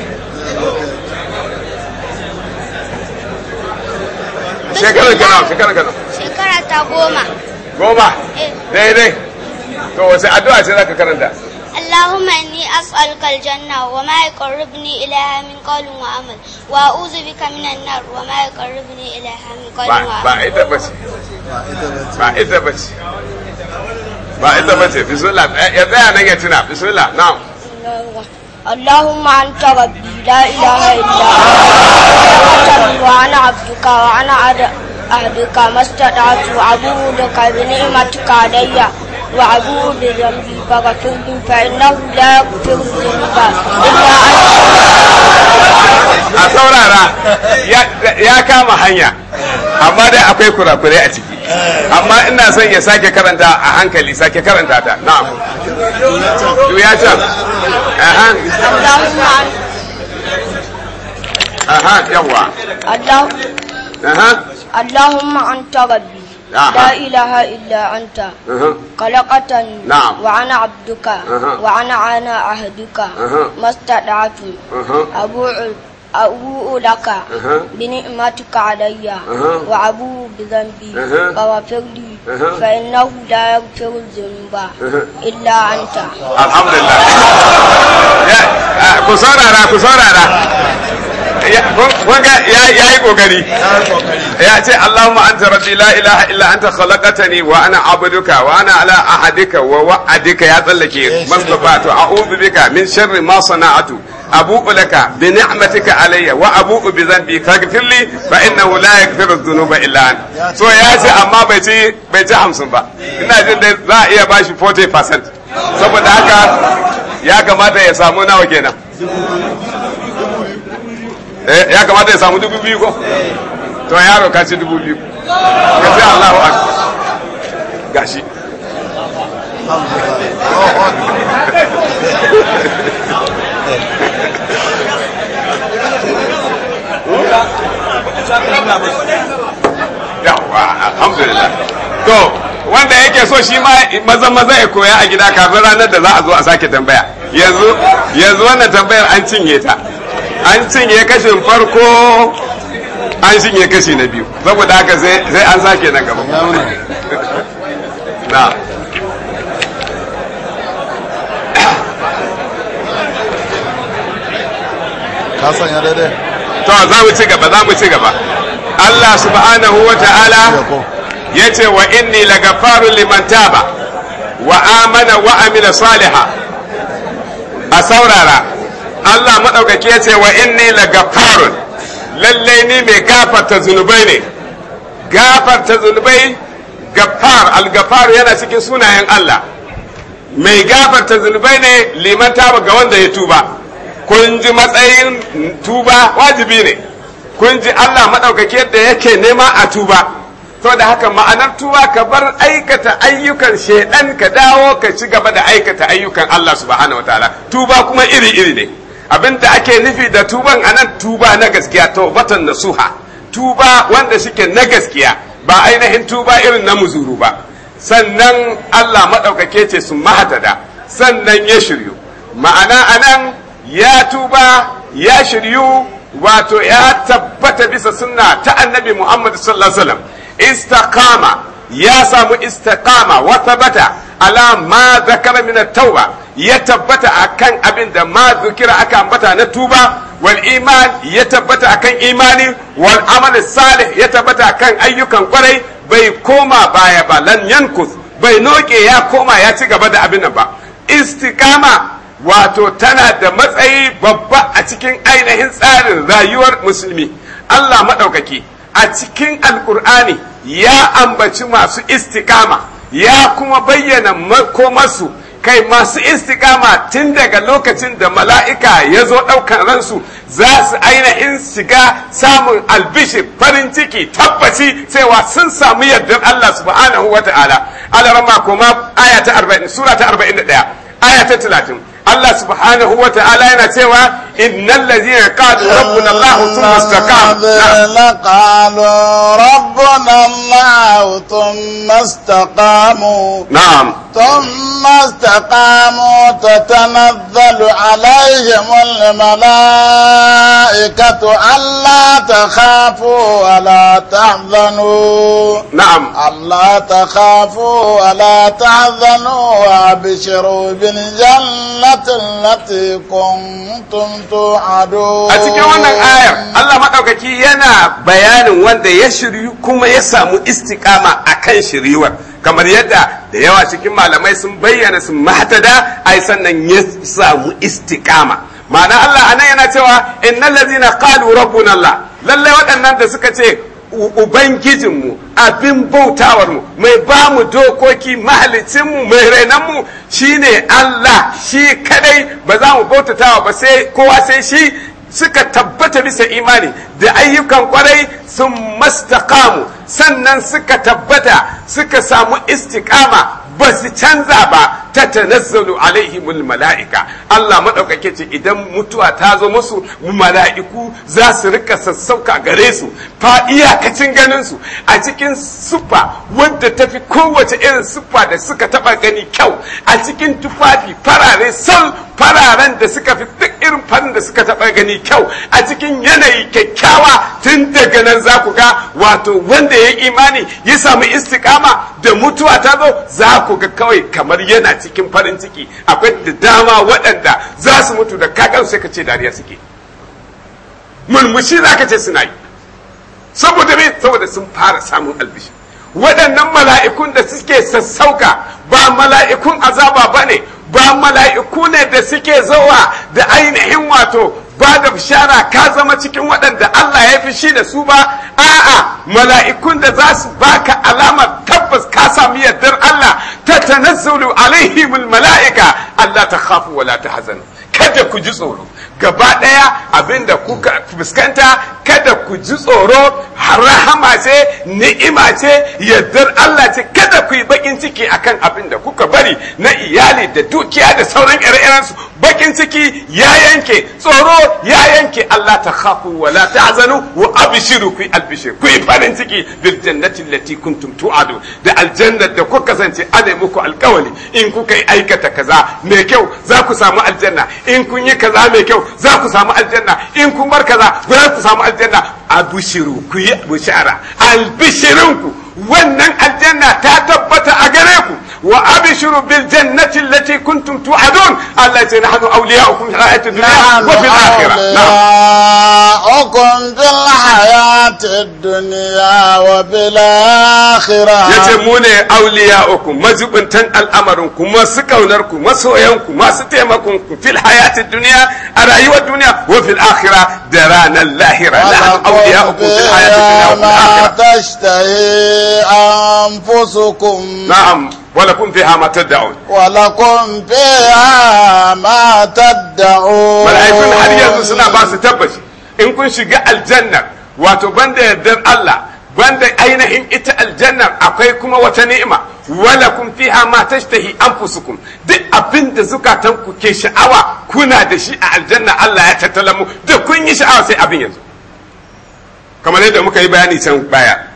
shekarar ka shekarar shekara ta goma goma eh. daidai to wasu addu'a ce za ka karanta اللهم إني أسألك الجنة وما يقربني إليها من قول وعمل وأعوذ بك من النار وما يقربني إليها من قول وعمل ba بس bace بس ita بس ba ita bace bismillah ya tsaya nan ya اللهم أنت ربي لا إله إلا أنت وأنا عبدك وأنا عبدك ما استطعت أعوذ بنعمتك علي وعفو لذنبي فغتوب فإنه لا يغفر الذنوب إلا أنت a saurara ya kama hanya amma dai akwai kurakurai a ciki amma ina son ya sake karanta a hankali sake karanta ta na'am ya can aha aha yawa aha Allahumma anta rabbi la ilaha illa anta khalaqatani wa ana abduka wa ana ana ahduka mastada'tu abu'u abu'u laka bi ni'matika alayya wa abu'u bi dhanbi wa wafirli fa innahu la yaghfiru dhunuba illa anta alhamdulillah ya yi kokari ya ce allahumma anta rabbi la ilaha illa anta khalaqtani wa ana abuduka wa ana ala ahadika wa wa'adika ya tsallake to a'udhu bika min sharri ma sana'atu abu ulaka bi ni'matika alayya wa zan bi dhanbi faghfir li fa innahu la yaghfiru dhunuba illa an so ya ce amma bai ci bai ci 50 ba ina jin da za a iya bashi 40% saboda haka ya kamata ya samu nawa kenan Eh, ya kamata ya samu dubu biyu ko to yaro ka ce dubu biyu ka ce Allah wa gashi yawa alhamdulillah to wanda yake so shi ma mazan maza ya koya a gida kafin ranar da za a zo a sake tambaya yanzu wannan tambayar an cinye ta an cinye kashin farko an cinye kashi na biyu saboda haka zai an sake na gaba na kasan ya daidai to za mu ci gaba za mu ci gaba Allah subhanahu wa ta'ala ya ce wa inni lagafarun liman taba wa amana wa amina saliha a saurara Allah maɗaukaki ya ce wa inni la gafarun lallai ni mai gafarta zunubai ne gafarta zunubai gafar al-gafar yana cikin sunayen Allah mai gafarta zunubai ne liman taba ga wanda ya tuba kun ji matsayin tuba wajibi ne kun ji Allah maɗaukaki da yake nema a tuba to da haka ma'anar tuba ka bar aikata ayyukan shaidan ka dawo ka ci gaba da aikata ayyukan Allah subhanahu wataala tuba kuma iri iri ne abinda ake nufi da tuban anan tuba na gaskiya tawbatan nasuha tuba wanda shike na gaskiya ba ainihin tuba irin na muzuru ba sannan Allah maɗaukake ce su mahatada sannan ya shiryu ma'ana anan ya tuba ya shiryu wato ya tabbata bisa sunna ta annabi Muhammad sallallahu alaihi wasallam ya samu istiqama wa tabbata ala ma zakara min tauba ya tabbata a kan abin da ma zukira aka ambata na tuba wal iman ya tabbata a kan imani wal amal salih ya tabbata a kan ayyukan kwarai bai koma baya ba lan yankus bai noke ya koma ya ci gaba da abin nan ba istikama wato tana da matsayi babba a cikin ainihin tsarin rayuwar musulmi Allah maɗaukaki a cikin alkur'ani ya ambaci masu istikama ya kuma bayyana makomarsu kai masu istikama tun daga lokacin da mala'ika ya zo ɗaukar ransu za su ainihin shiga samun albishi farin ciki tabbaci cewa sun samu yardar Allah subhanahu wa ta'ala alarama kuma ayata 40 sura ta 41 ayata 30 Allah subhanahu wa ta'ala yana cewa innal ladhina qalu rabbuna Allah thumma istaqamu qalu rabbuna Allah thumma istaqamu na'am thumma istaqamu tatanazzalu alaihim almalaikatu alla takhafu wa la tahzanu na'am alla takhafu wa la tahzanu wa abshiru bil jannati allati kuntum a cikin wannan ayar Allah madaukaki yana bayanin wanda ya shiryu kuma ya samu istiqama akan shiriwar kamar yadda da yawa cikin malamai sun bayyana sun mahtada ai sannan ya samu istiqama ma'ana Allah anan yana cewa innal ladzina qalu rabbuna Allah lallai waɗannan da suka ce Ubangijinmu, abin bautawarmu, mai ba mu dokoki mahalicinmu, mai renonmu shi ne Allah shi kadai ba za mu bautatawa ba sai kowa sai shi suka tabbata bisa imani da ayyukan kwarai sun mastakamu sannan suka tabbata suka samu istikama ba su canza ba ta tatanazzalu alaihimul mala'ika Allah madaukake ce idan mutuwa ta zo musu mala'iku za su rika sassauka gare su fa iyakacin ganin su a cikin sufa wadda tafi kowace irin sufa da suka taba gani kyau a cikin tufafi farare sal fararen da suka fi duk irin farin da suka taba gani kyau a cikin yanayi kyakkyawa tun daga nan za ku ga wato wanda ya imani ya samu istikama da mutuwa ta zo za ku ga kawai kamar yana cikin farin ciki akwai da dama waɗanda za su mutu da kakar sai ka ce dariya suke mulmushi za ka ce suna yi saboda me saboda sun fara samun albishi waɗannan mala'ikun da suke sassauka ba mala'ikun azaba ba ne ba mala'iku ne da suke zawa da ainihin wato ba da bishara ka zama cikin waɗanda Allah ya fi shi da su ba a'a mala'ikun da za su baka alama tabbas ka sami yardar Allah ta tanazzalu alaihimul mala'ika Allah ta khafu wala ta hazanu kada ku ji tsoro gaba ɗaya abinda kuka fuskanta kada ku ji tsoro rahama ce ni'ima ce yardar Allah ce kada ku yi bakin ciki akan abin da kuka bari na iyali da dukiya da sauran ire-irensu bakin ciki ya yanke tsoro ya yanke Allah ta khafu wa la ta'zanu wa abshiru ku albishir ku farin ciki bil jannati allati kuntum tu'adu da aljannar da kuka kasance ana muku alkawali in kuka yi aikata kaza mai kyau za ku samu aljanna in kun yi kaza mai kyau za ku samu aljanna in kun bar kaza za ku samu aljanna abshiru ku yi bishara albishirinku wannan aljanna ta tabbata a gare ku wa abshiru bil jannati allati kuntum tu'adun Allah ya nahnu awliya'ukum fil hayati dunya wa fil akhirah awliya'ukum fil hayati dunya wa fil akhirah yace mu ne awliya'ukum majubuntan al'amarin ku masu kaunar ku masoyan ku masu taimakon ku fil hayati dunya a rayuwar duniya wa fil akhirah da ranar lahira nahnu awliya'ukum fil hayati dunya wa fil akhirah kun نعم ولكم فيها ما تدعون ولكم فيها ما تدعون ملائكون هل يزن سنة باس تبش إن كن شقاء الجنة وتبند يدر الله banda ainihin ita aljannar akwai kuma wata ni'ima wala kun fiha ma tashtahi anfusukum duk abin da zukatan ku ke sha'awa kuna da shi a aljanna Allah ya tattalamu mu kun yi sha'awa sai abin yanzu kamar yadda muka yi bayani can baya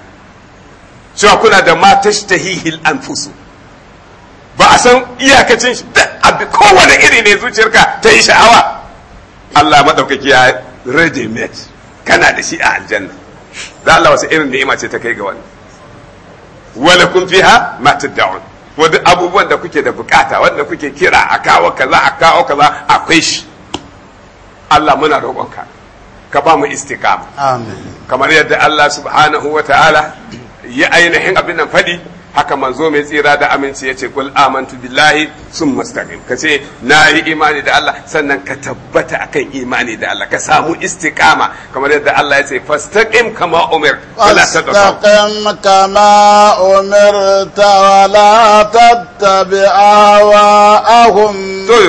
cewa kuna da ta hihil an fusu. ba a san iyakacin shi da abi kowane iri ne zuciyarka ta yi sha'awa Allah madaukaki ya ready made kana da shi a aljanna da Allah wasu irin ni'ima ce ta kai ga wani wala kun fiha ma tad'un wadda abubuwan da kuke da bukata wanda kuke kira a kawo kaza a kawo kaza akwai shi Allah muna roƙonka ka ba mu istiqama amin kamar yadda Allah subhanahu wa ta'ala ya ainihin abin nan faɗi haka manzo mai tsira da aminci ya ce kul amantu billahi sun mustaqim ka ce na yi imani da Allah sannan ka tabbata akan imani da Allah ka samu istiqama kamar yadda Allah ya ce fastaqim kama umir wala tadqim kama umir ta wala tattabi ahum to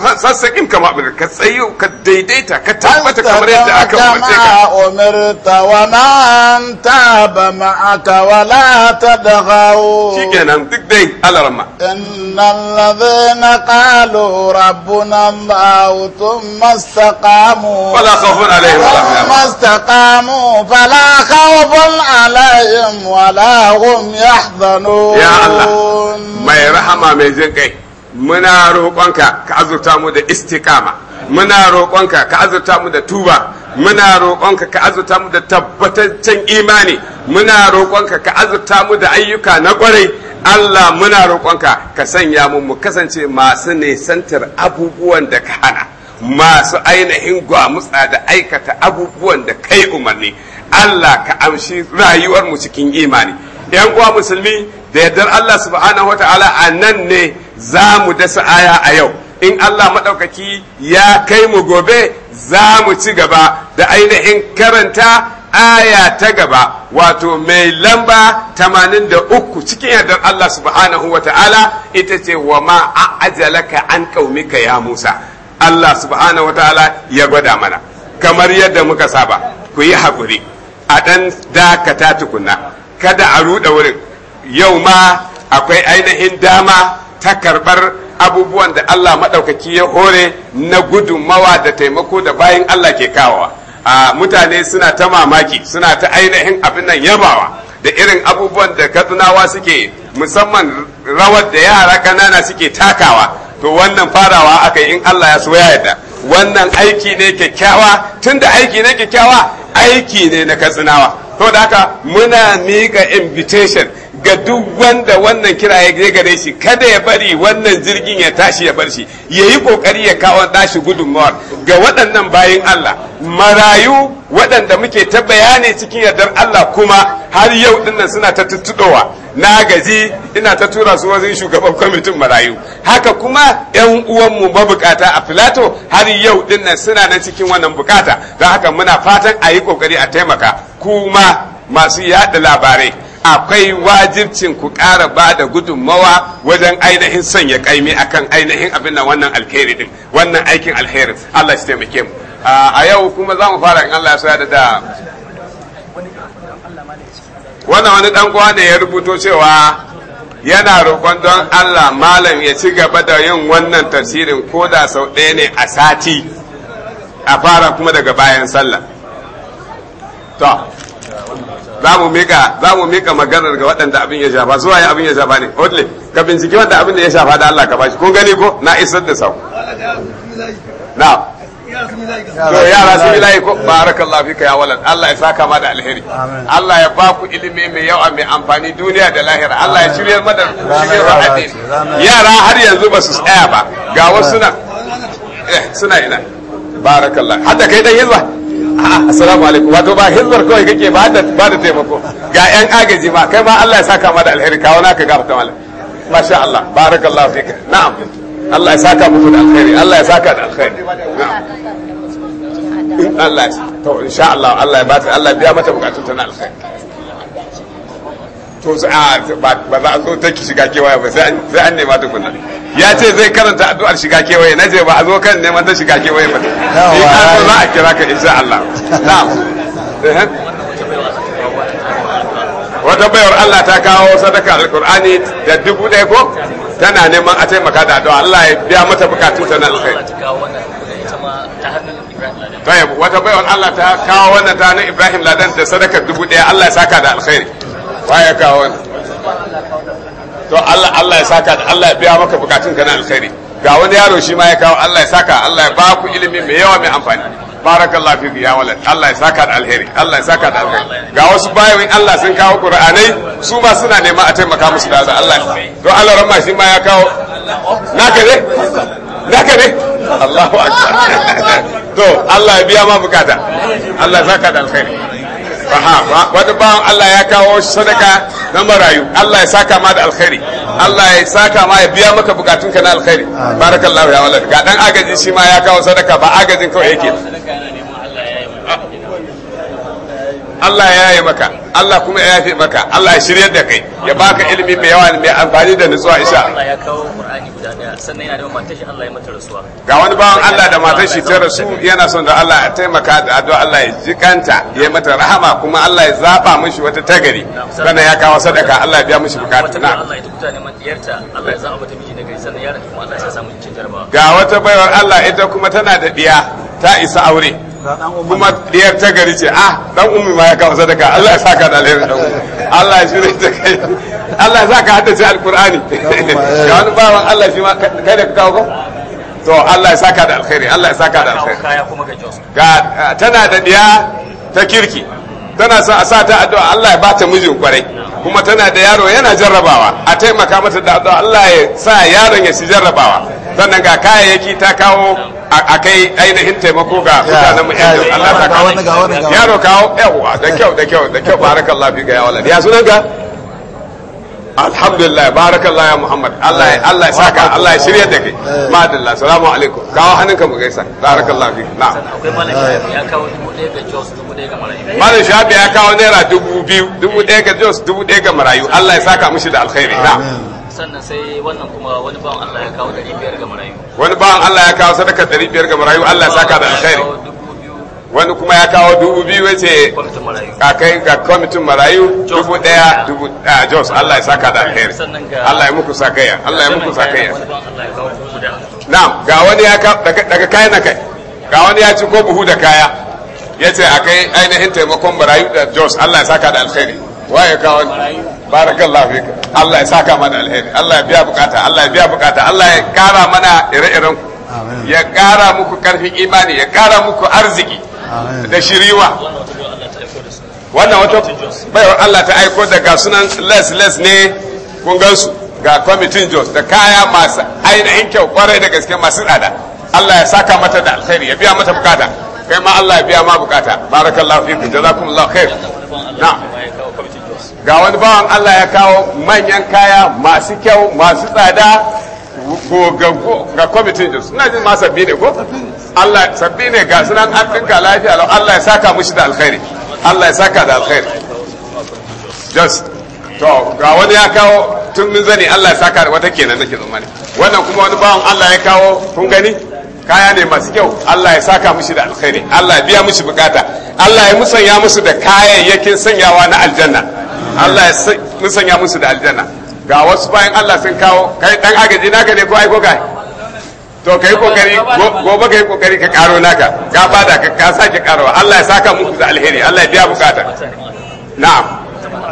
sassaƙin kama abin ka tsayo ka daidaita ka tabbata kamar yadda aka umarce ka umirta wa man taba ma'aka wa la tadghaw shikenan duk dai alarma innal ladhina qalu rabbuna allah thumma istaqamu fala khawfun alaihim wa la istaqamu fala khawfun alaihim wa la hum yahzanun ya allah mai rahama mai jin kai muna roƙonka ka azurta mu da istiƙama muna roƙonka ka azurta mu da tuba muna roƙonka ka azurta mu da tabbataccen imani muna roƙonka ka azurta mu da ayyuka na ƙwarai Allah muna roƙonka ka sanya mu mu kasance masu nisantar abubuwan da ka hana masu ainihin gwamutsa da aikata abubuwan da kai umarni Allah ka amshi rayuwar mu cikin imani yan uwa musulmi da yardar Allah subhanahu wataala a nan ne za mu dasa aya a yau in Allah maɗaukaki ya kai mu gobe za mu ci gaba da ainihin karanta aya ta gaba wato mai lamba 83 cikin yardar Allah subhanahu wataala ita ce wa ma ajalaka an kaumika ya Musa Allah subhanahu wataala ya gwada mana kamar yadda muka saba ku yi haƙuri a ɗan dakata tukuna kada a ruɗa wurin yau ma akwai ainihin dama ta karɓar abubuwan da Allah maɗaukaki ya hore na gudunmawa da taimako da bayan Allah ke kawowa a mutane suna ta mamaki suna ta ainihin abin nan yabawa da irin abubuwan da kadunawa suke musamman rawar da yara kanana suke takawa to wannan farawa aka yi in Allah ya soya ya wannan aiki ne kyakkyawa tunda aiki ne kyakkyawa aiki ne na katsinawa to da haka muna miƙa invitation ga duk wanda wannan kira ya je gare shi kada ya bari wannan jirgin ya tashi ya bar shi ya yi kokari ya kawo tashi gudunmawar ga waɗannan bayin Allah marayu waɗanda muke ta bayani cikin yardar Allah kuma har yau dinnan suna ta tuttuɗowa na gaji ina ta tura su wajen shugaban kwamitin marayu haka kuma yan uwanmu mabukata a filato har yau dinnan suna nan cikin wannan bukata don haka muna fatan a yi kokari a taimaka kuma masu yaɗa labarai akwai wajibcin ku ƙara ba da gudunmawa wajen ainihin sanya kaimi akan ainihin abin nan wannan alheri din wannan aikin alheri Allah shi taimake mu a yau kuma za mu fara in Allah ya da da wannan wani dan kowa ne ya rubuto cewa yana roƙon don Allah malam ya ci gaba da yin wannan tafsirin ko da sau ɗaya ne a sati a fara kuma daga bayan sallah to za mu mika za mu mika maganar ga waɗanda abin ya shafa su waye abin ya shafa ne hodle ka binciki wanda abin da ya shafa da Allah ka bashi kun gani ko na isar da sau na to yara su yi layi ko barakallahu fika ya walad Allah ya saka ma da alheri Allah ya baku ilimi mai yawa mai amfani duniya da lahira Allah ya shiryar mada shiryar addini yara har yanzu ba su tsaya ba ga wasu eh suna ina barakallahu hadda kai dan yanzu assalamu alaikum wato ba hizbar kawai kake ba da ba da taimako ga yan agaji ba kai ma Allah ya saka ma da alheri kawo naka ta mala masha Allah barakallahu fika na'am Allah ya saka muku da alheri Allah ya saka da alheri na'am in Allah to insha Allah Allah ya bata Allah ya biya mata bukatun ta na alheri to ah, ba za a zo ta shiga kewaye ba sai an nema tukuna ya ce zai karanta addu'ar shiga kewaye na ce ba a zo kan neman ta shiga kewaye ba ni ka zo za a kira ka insha Allah eh, eh. wata bayar Allah ta kawo sadaka alkur'ani da dubu ɗaya ko tana neman a taimaka da addu'a Allah ya biya mata bukatu ta na alkhairi tayyib wata bayar Allah ta kawo wannan ta na Ibrahim Ladan da sadaka dubu ɗaya Allah ya saka da alkhairi ya kawo ne to Allah Allah ya saka Allah ya biya maka bukatun ka na alkhairi ga wani yaro shi ma ya kawo Allah ya saka Allah ya ba ku ilimi mai yawa mai amfani barakallahu fiki ya walad Allah ya saka da alkhairi Allah ya saka da alkhairi. ga wasu bayoyin Allah sun kawo Qur'anai su ma suna nema a taimaka musu da Allah to Allah ramma shi ma ya kawo naka ne naka ne Allahu akbar to Allah ya biya ma bukata Allah ya saka da alkhairi. aha wani bawan Allah ya kawo sadaka na marayu Allah ya saka ma da alkhairi Allah ya saka ma ya biya maka bukatunka na alkhairi barakallahu ya walad ga dan agajin shi ma ya kawo sadaka ba agajin kawai yake Allah ya yi maka Allah kuma ya yafe maka Allah ya shiryar da kai ya baka ilimi mai yawa mai amfani da nutsuwa insha Allah ya kawo Qur'ani guda daya sannan yana da Allah ya mata rasuwa ga wani bawan Allah da matar shi ta rasu yana son da Allah ya taimaka da addu'a Allah ya jikanta ya mata rahama kuma Allah ya zaba mishi wata tagari sannan ya kawo sadaka Allah ya biya mishi bukatu na Allah ya tukuta Allah ya zaba miji sannan yaron kuma Allah ya samu ga wata baiwar Allah ita kuma tana da biya ta isa aure kuma diyar ta gari ce ah dan ummi ma ya kawo sadaka Allah ya saka da alheri dan Allah ya shirye ta kai Allah ya saka ce alqur'ani eh. ga wani bawan Allah shi ma kai da ka kawo ko to Allah ya saka da alheri Allah ya saka da alheri ga ah, tana da diya ta kirki tana sa a sa ta addu'a Allah ya bata mijin kwarai kuma tana da yaro yana jarrabawa a taimaka mata da addu'a Allah ya sa yaron ya shi jarrabawa sannan ga kayayyaki ta kawo a kai ainihin taimako ga mutanen mu yanzu Allah ta kawo yaro kawo yawa da kyau da kyau da kyau barakallahu fi ga ya walad ya sunan ka alhamdulillah barakallahu ya muhammad Allah ya Allah ya saka Allah ya shirye da kai eh. madalla assalamu alaikum kawo hannunka mu gaisa barakallahu fi na akwai malam ya kawo dubu ɗaya ga jos dubu ɗaya ga marayu malam shafi ya kawo naira dubu biyu dubu ɗaya ga jos dubu ɗaya ga marayu Allah ya saka mushi da alkhairi na sannan sai wannan kuma wani bawan Allah ya kawo sadaka ga marayu wani bawan Allah ya kawo sadaka ga marayu Allah saka da alkhairi wani kuma ya kawo dubu biyu wace kakai ga kwamitin marayu dubu daya dubu daya ah, jos Allah ya saka da alkhairi Allah ya muku sakaya Allah ya muku sakaya na'am ga wani ya daga kayan na kai ga wani ya ci ko buhu da kaya ya ce a kai ainihin taimakon marayu da jos Allah ya saka da alkhairi waye kawo barakallahu fika Allah ya saka mana alheri Allah ya biya bukata Allah ya biya bukata Allah ya kara mana ire-iren ku ya kara muku karfin imani ya kara muku arziki da shiriwa wannan wata baiwa Allah ta aiko daga sunan les les ne kun gansu ga kwamitin Jos da kaya masu ainihin kyau kwarai da gaske masu tsada Allah ya saka mata da alheri ya biya mata bukata kai ma Allah ya biya ma bukata barakallahu fiku jazakumullahu khair na'am ga wani bawan Allah ya kawo manyan kaya masu kyau masu tsada ga kwamitin jinsu suna jin ma sabbi ne ko Allah sabbi ne ga sunan an ɗinka lafiya Allah ya saka mushi da alkhairi Allah ya saka da alkhairi just to ga wani ya kawo tun min zani Allah ya saka wata kenan nake ne wannan kuma wani bawan Allah ya kawo kun gani kaya ne masu kyau Allah ya saka mushi da alkhairi Allah ya biya mushi bukata Allah ya musanya musu da kayayyakin sanyawa na aljanna Allah ya musanya musu da aljanna ga wasu bayan Allah sun kawo kai dan agaji naka ne ko ai ko kai to kai kokari gobe kai kokari ka karo naka ga bada ka ka sake karo Allah ya saka muku da alheri Allah ya biya bukata na'am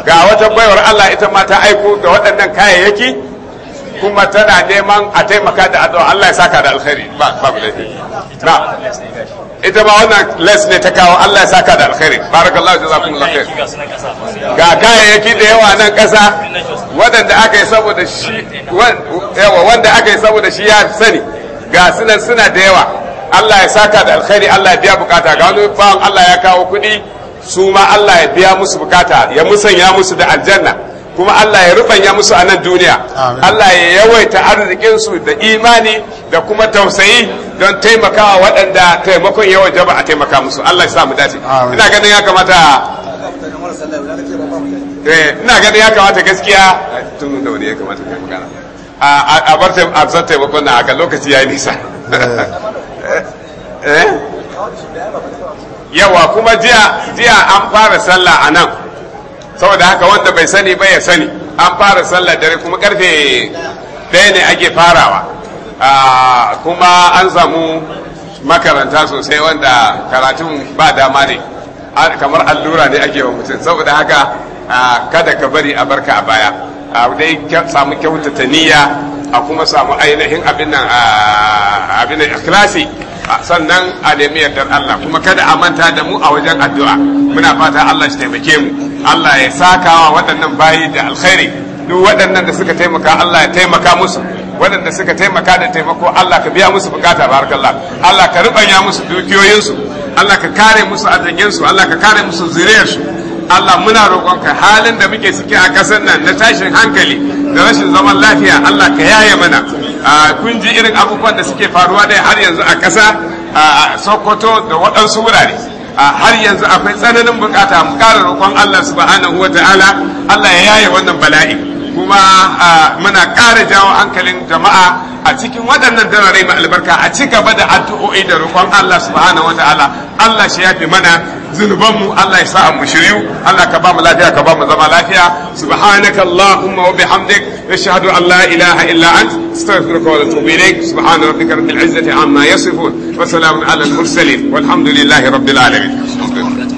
ga wata baiwar Allah ita ma ta aiko da waɗannan kayayyaki kuma tana neman a taimaka da addu'a Allah ya saka da alkhairi ba ba laifi na ita ba wannan les ne ta kawo Allah ya saka da alkhairi barakallahu jazakumullahu khair ga kayayyaki da yawa nan kasa wanda aka yi saboda shi yawa wanda aka yi saboda shi ya sani ga sunan suna da yawa Allah ya saka da alkhairi Allah ya biya bukata ga wani bawan Allah ya kawo kuɗi su ma Allah ya biya musu bukata ya musanya musu da aljanna kuma Allah ya rubanya musu a nan duniya Allah ya yawaita arzikinsu da imani da kuma tausayi don taimakawa waɗanda taimakon yawan jaba a taimaka musu Allah ya sa mu dace ina ganin ya kamata eh, ina ganin ya kamata gaskiya tun da wani ya kamata kai magana a bar a taimakon na haka lokaci ya yi nisa eh. Eh? yawa kuma jiya an fara sallah a nan saboda haka wanda bai sani ba ya sani an fara sallar dare kuma karfe daya ne ake farawa ah, kuma an samu makaranta sosai wanda karatun ba dama ne kamar allura ne ake wa mutum saboda haka ah, kada ka bari a barka a baya a dai samu kyautata niyya a kuma samu ainihin abin nan a ah, ikhlasi sannan a nemi yardar Allah kuma kada a manta da mu a wajen addu'a muna fata Allah shi taimake mu Allah ya sakawa waɗannan bayi da alkhairi duk waɗannan da suka taimaka Allah ya taimaka musu waɗanda suka taimaka da taimako Allah ka biya musu bukata barakallah Allah ka rubanya musu dukiyoyinsu Allah ka kare musu arzikinsu Allah ka kare musu su Allah muna roƙonka halin da muke ciki a ƙasar nan na tashin hankali da rashin zaman lafiya Allah ka yaye mana kun ji irin abubuwan da suke faruwa da har yanzu a ƙasa a sokoto da waɗansu wurare har yanzu akwai tsananin bukata mu ƙara roƙon allah subhanahu wa ta'ala allah ya yaye wannan bala'i kuma muna ƙara jawo hankalin jama'a a cikin waɗannan darare mai albarka a ci gaba da addu'o'i da roƙon Allah subhanahu wataala Allah shi yafi mana zunubanmu Allah ya sa mu shiryu Allah ka ba mu lafiya ka ba mu zama lafiya subhanaka allahumma wa bihamdik nashhadu an la ilaha illa ant astaghfiruka wa atubu ilaik subhana rabbika rabbil izzati amma yasifun wa salamun ala al mursalin walhamdulillahi rabbil alamin